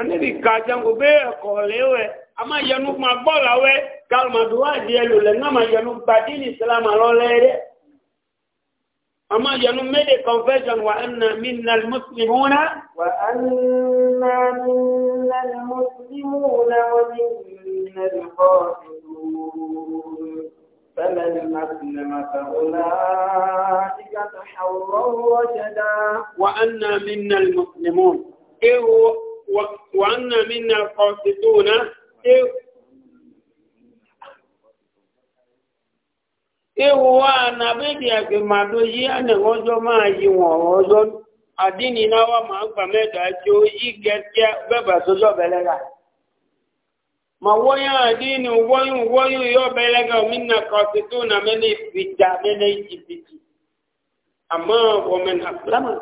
B: anẹ́bí kàjàngò bẹ́ ẹ̀kọ́ léwẹ̀ a máa yẹnu máa gbọ́ làwẹ́ galmaduwa di ẹlò máa yẹnu gbadí ìsìlámà lọ́lẹ́rẹ́ أما ينمي confession وأن منا المسلمون
A: وأنا منا المسلمون ومنا القاسطون فمن أسلم فأولئك تحروا وجدا
B: وأنا منا المسلمون إيه وأنا منا القاسطون إيه ewu wa na bedi ake ma doji ane ojo ma yi won ojo adini na wa ma gba meda ti o yi gege beba sojo belega ma woya adini woyun woyun yo belega minna na meni bidda meni jibiti amma wa men aslama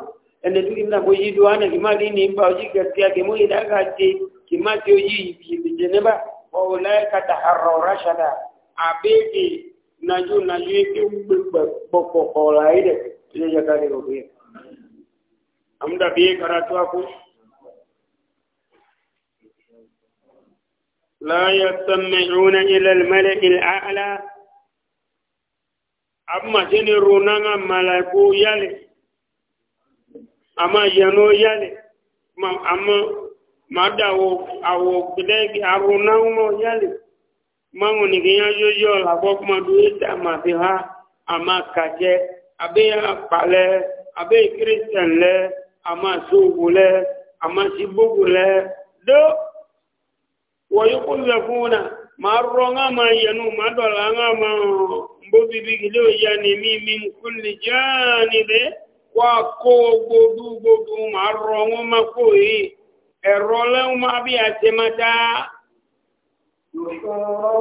B: ene dugi na ko yidu ana kimali ni ba o yi gege ke mo ida ka ti kimati o yi bi bi ne ba wa ulai ka taharra rashada abeki naju naju ke boko kola ile ile jakali rubi amda bi karatu aku la yastami'una ila al-mala'i al-a'la amma jini runanga malaiku yale ama yano yale ma ama madawo awo bidai arunanga yale mangu ni ginya jojo la ko kuma duita ma fiha ama kaje abe apale abe christian le ama sugule ama sibugule do wa yuqallafuna nga ma yanu madola nga ma mbobi bigilo yani mimi kulli janibe wa ko godu godu marongo makoi erole ma bi atemata
A: دحورا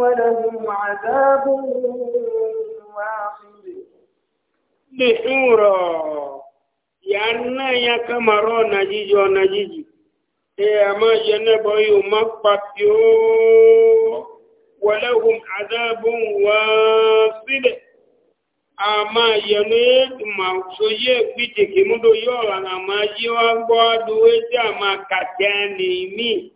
A: ولهم عذاب واصب
B: دحورا yanna ya kamaro na jijo na jiji e ama yana boyu mapapyo walahum adhabun wasid ama yana ma soye gbite kimudo yola na ma jiwa gbo duwe ti ama katani mi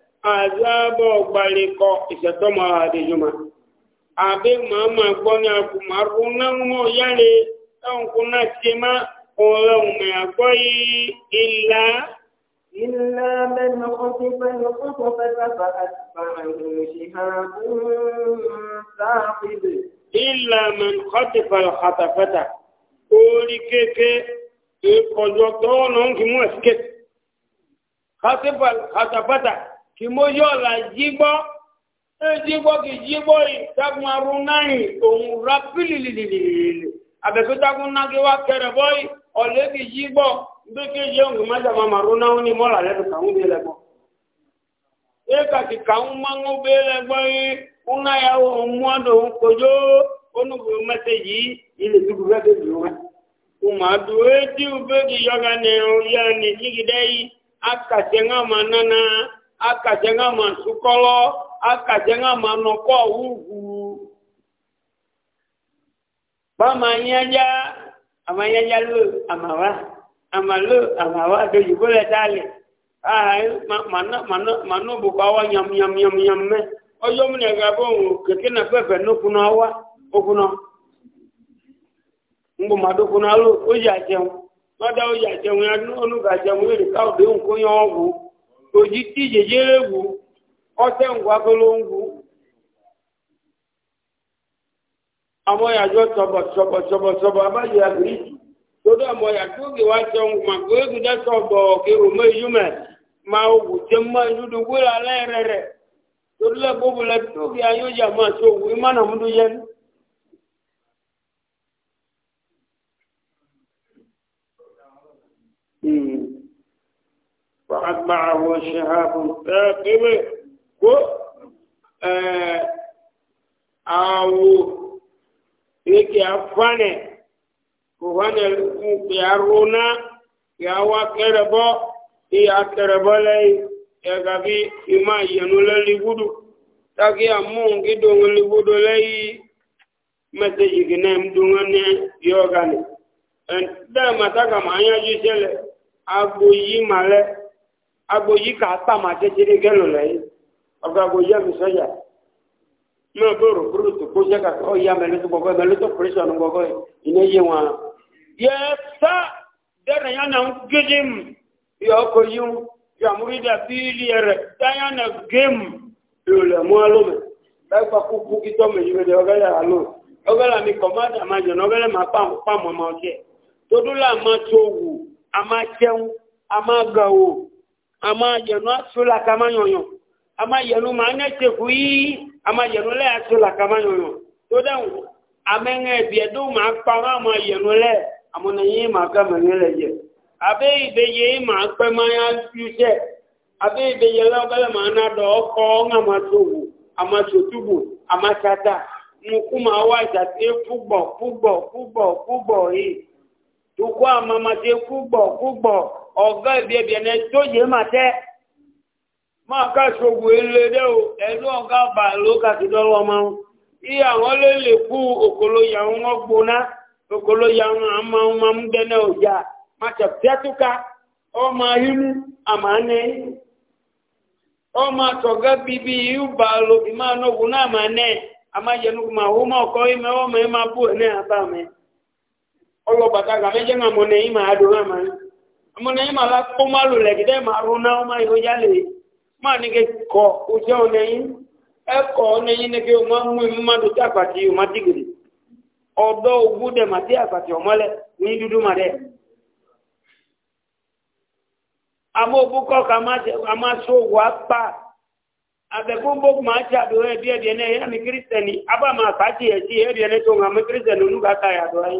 B: azabo gbalikɔ ìṣẹtɔmɔ adéjúmọ abe màmá gbɔnyɛ kò má kó nàmó yálé táwọn kó nà tse má ọlọ́run mẹ àgbọ yìí
A: ìlà. ìlà bẹ́ẹ̀ kó ti bẹ́ẹ̀ kó tó bá bá àwọn ìṣèhàn sáfìdì.
B: ìlà mẹ́rin
A: orí kéèké
B: ìkọjọ tó náà ń kí mú ẹ̀sìkè kàtàkàtà kì mo yọ ọ̀la jígbọ́ jígbọ́ kì jígbọ́ ìtagun arun náà òun ra pílìlìlìlì àbẹ̀fẹ́tagun náà kí wá kẹrẹ bọ́ì ọ̀lẹ́ kì jígbọ́ bí kí yẹ òun má jà máa rún náà ní mọ́là lẹ́nu kàún bí lẹ́gbọ́. ẹ kàkì kàún máa ń bí lẹ́gbọ́ yìí ń náà yà wọ mú ọdọ òun kojú onúgbò mẹsẹ yìí ilé dúdú bẹ́ẹ̀ bẹ́ẹ̀ bẹ́ẹ̀ wọ́n. máa dùn éjì bẹ́ẹ̀ kì yọ̀gá ní ọ̀yá akaje nga ma sukolo akaje nga ma nọkọ wugwu bamanyanya amanyanya lo amawa amalo amawa doyibo lẹ dálẹ ahayi mana mana mana bùkọ awa nyam nyam nyam nyam mẹ ọjọ mi nẹgà bọ òun kẹkẹ náà fẹfẹ n'okun a jẹun òjì tí yèyére wò ọtẹ nkwagolo ngwu àwọn ìyàjọ sọbọ sọbọ sọbọ sọbọ abáyé àgbèrèjì todo àmọ ìyàjọ òkè wá sọ ń mà kó égùn dẹ sọbọ òkè òmò èyí mẹ máa wò tẹ mọ inú dùgbò là lẹrẹ rẹ torí lẹ gbogbo lẹ tó kí ayé ọjà máa tó wù í má nà múdú yẹn. Mm. فأتبعه شهاب ثاقب و أو يكي أفاني كوهان يارونا ياوا كربو يا كربو يا غبي إما ينولا لغدو taki amun gidon libudo lai mata iginem dungane yogani en da mataka manya jisele agbo agbo yìí kà á tà jẹjẹrẹ gẹlò lẹyìn ọgbà agbo yi mi sọjà náà bó rò kúrò kó jẹ gbọgbọ gbọgbọ wọn. yẹ sá dẹrẹ yẹn na ń gidi mu yọ ọkọ yìí mu yọ àmúrídà fíìlì rẹ dáyà mú alómi báyìí kí yìí mi má dà má má pàmò tó dúró tó wù ama yẹnu la kama nyɔnyɔ ama yẹnu ma ne teku yi ama yẹnu lɛ la kama nyɔnyɔ to dɛn amɛŋɛ biɛ do ma kpama ama yẹnu lɛ na yi ma kama ne lɛ yɛ abe ibe ye ma kpɛ ma ya fi sɛ abe ibe ye lɛ ɔbɛlɛ ma na dɔ ɔkɔ ɔŋama to wo ama sotubu ama tata nukuma wa jate fugbɔ fugbɔ fugbɔ fugbɔ yi tukua mama te fugbɔ fugbɔ. ọ̀gá ìbẹ̀bẹ̀ ẹ̀nẹ́ tó yé máa tẹ́ máa káṣogbo elédé o ẹ̀lú ọ̀gá bà ló kàtìdọ́lọ́ ọmọ wọn àwọn lè lè kú òkòló yàwọn wọn gbóná òkòló yàwọn àmọ́ ọmọ ń dẹ́nẹ́ òjà máa tẹ̀ ọmọ àmàánẹ́ ọmọ àtọ̀gá bíbí yìí bà ló fi máa náà àmàánẹ́ máa hó máa kọ́ máa ẹ̀ náà bá gàmẹ́jẹ́ máa dùn amọ̀nà yìí máa bá kó má lò lẹ̀ dídẹ́ máa ro náà má yóò yálè má ní kí kọ ojú ọ̀nà yìí ẹ ọ̀nà yìí ní kí o máa mú imú má dòtí àpàtì o má dìgìrì ọ̀dọ́ ogún dẹ̀ má dé àpàtì ọ̀mọ́lẹ̀ ní dúdú má dẹ̀. àmọ́ ogún kọ́ ká má so wà pa àbẹ̀kún bókun máa ti àdó ẹbí ẹbí ẹni ẹ̀yà mi kírísítẹ̀nì abá máa fàájì ẹ̀ sí ẹbí mi kírísítẹ̀nì onúgbàtà yàtọ̀ ayé.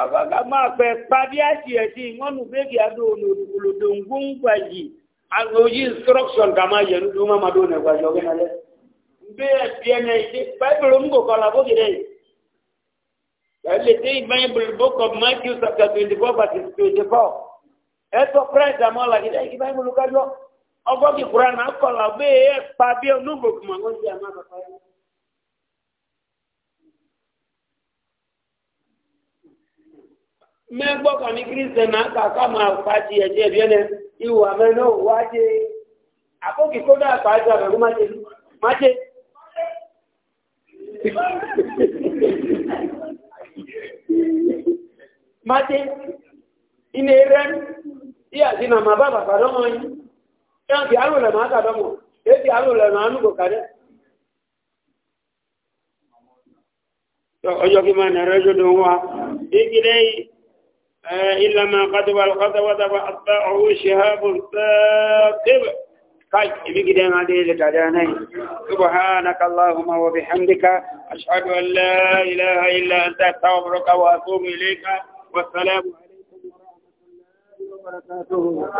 B: àgbàgbà máa pẹ pàdé àti ẹ̀sí ìwọ́nù bẹ́ẹ̀kì àdó olódò ń gún gbàjì àwọn òyí instruction kàmá yẹnu tó má madó nẹ̀gbà jọ gẹ́nà lẹ́ gbé ẹ̀sí ẹ̀nà ìdí báìbìlì ń gòkọ́ la bókè dẹ́ ẹ̀lẹ́dẹ́ báìbìlì book of matthew chapter twenty four verse twenty four ẹ̀tọ́ christ àmọ́ làkì dẹ́ ìdí báìbìlì kájọ ọgọ́kì kúránà kọ̀ làbẹ́ ẹ̀ pàdé onúgbòkùnmọ̀ mẹ́gbọ́ kan ní kírísítẹ̀ náà kàkà máa pàtí ẹ̀jẹ́ ẹ̀bí ẹ̀nẹ́ ìwà mẹ́nà wájé àkókì kó dá pàájú àbẹ̀rún májé májé májé iné rẹ̀ tí àti nà máa bá bàbá lọ́mọ yìí yàn fi àrùn lẹ̀ máa tàdọ́mọ̀ èsì àrùn lẹ̀ máa nùgbò kàdẹ́ ọjọ́ kí máa nà do dùn wá ìgbìlẹ̀ yìí إلا ما قد والقد وذب أطباعه شهاب ثاقب قال بقدام هذه لتعدانين سبحانك اللهم وبحمدك أشهد أن لا إله إلا أنت أستغفرك وأتوب إليك والسلام عليكم ورحمة
A: الله وبركاته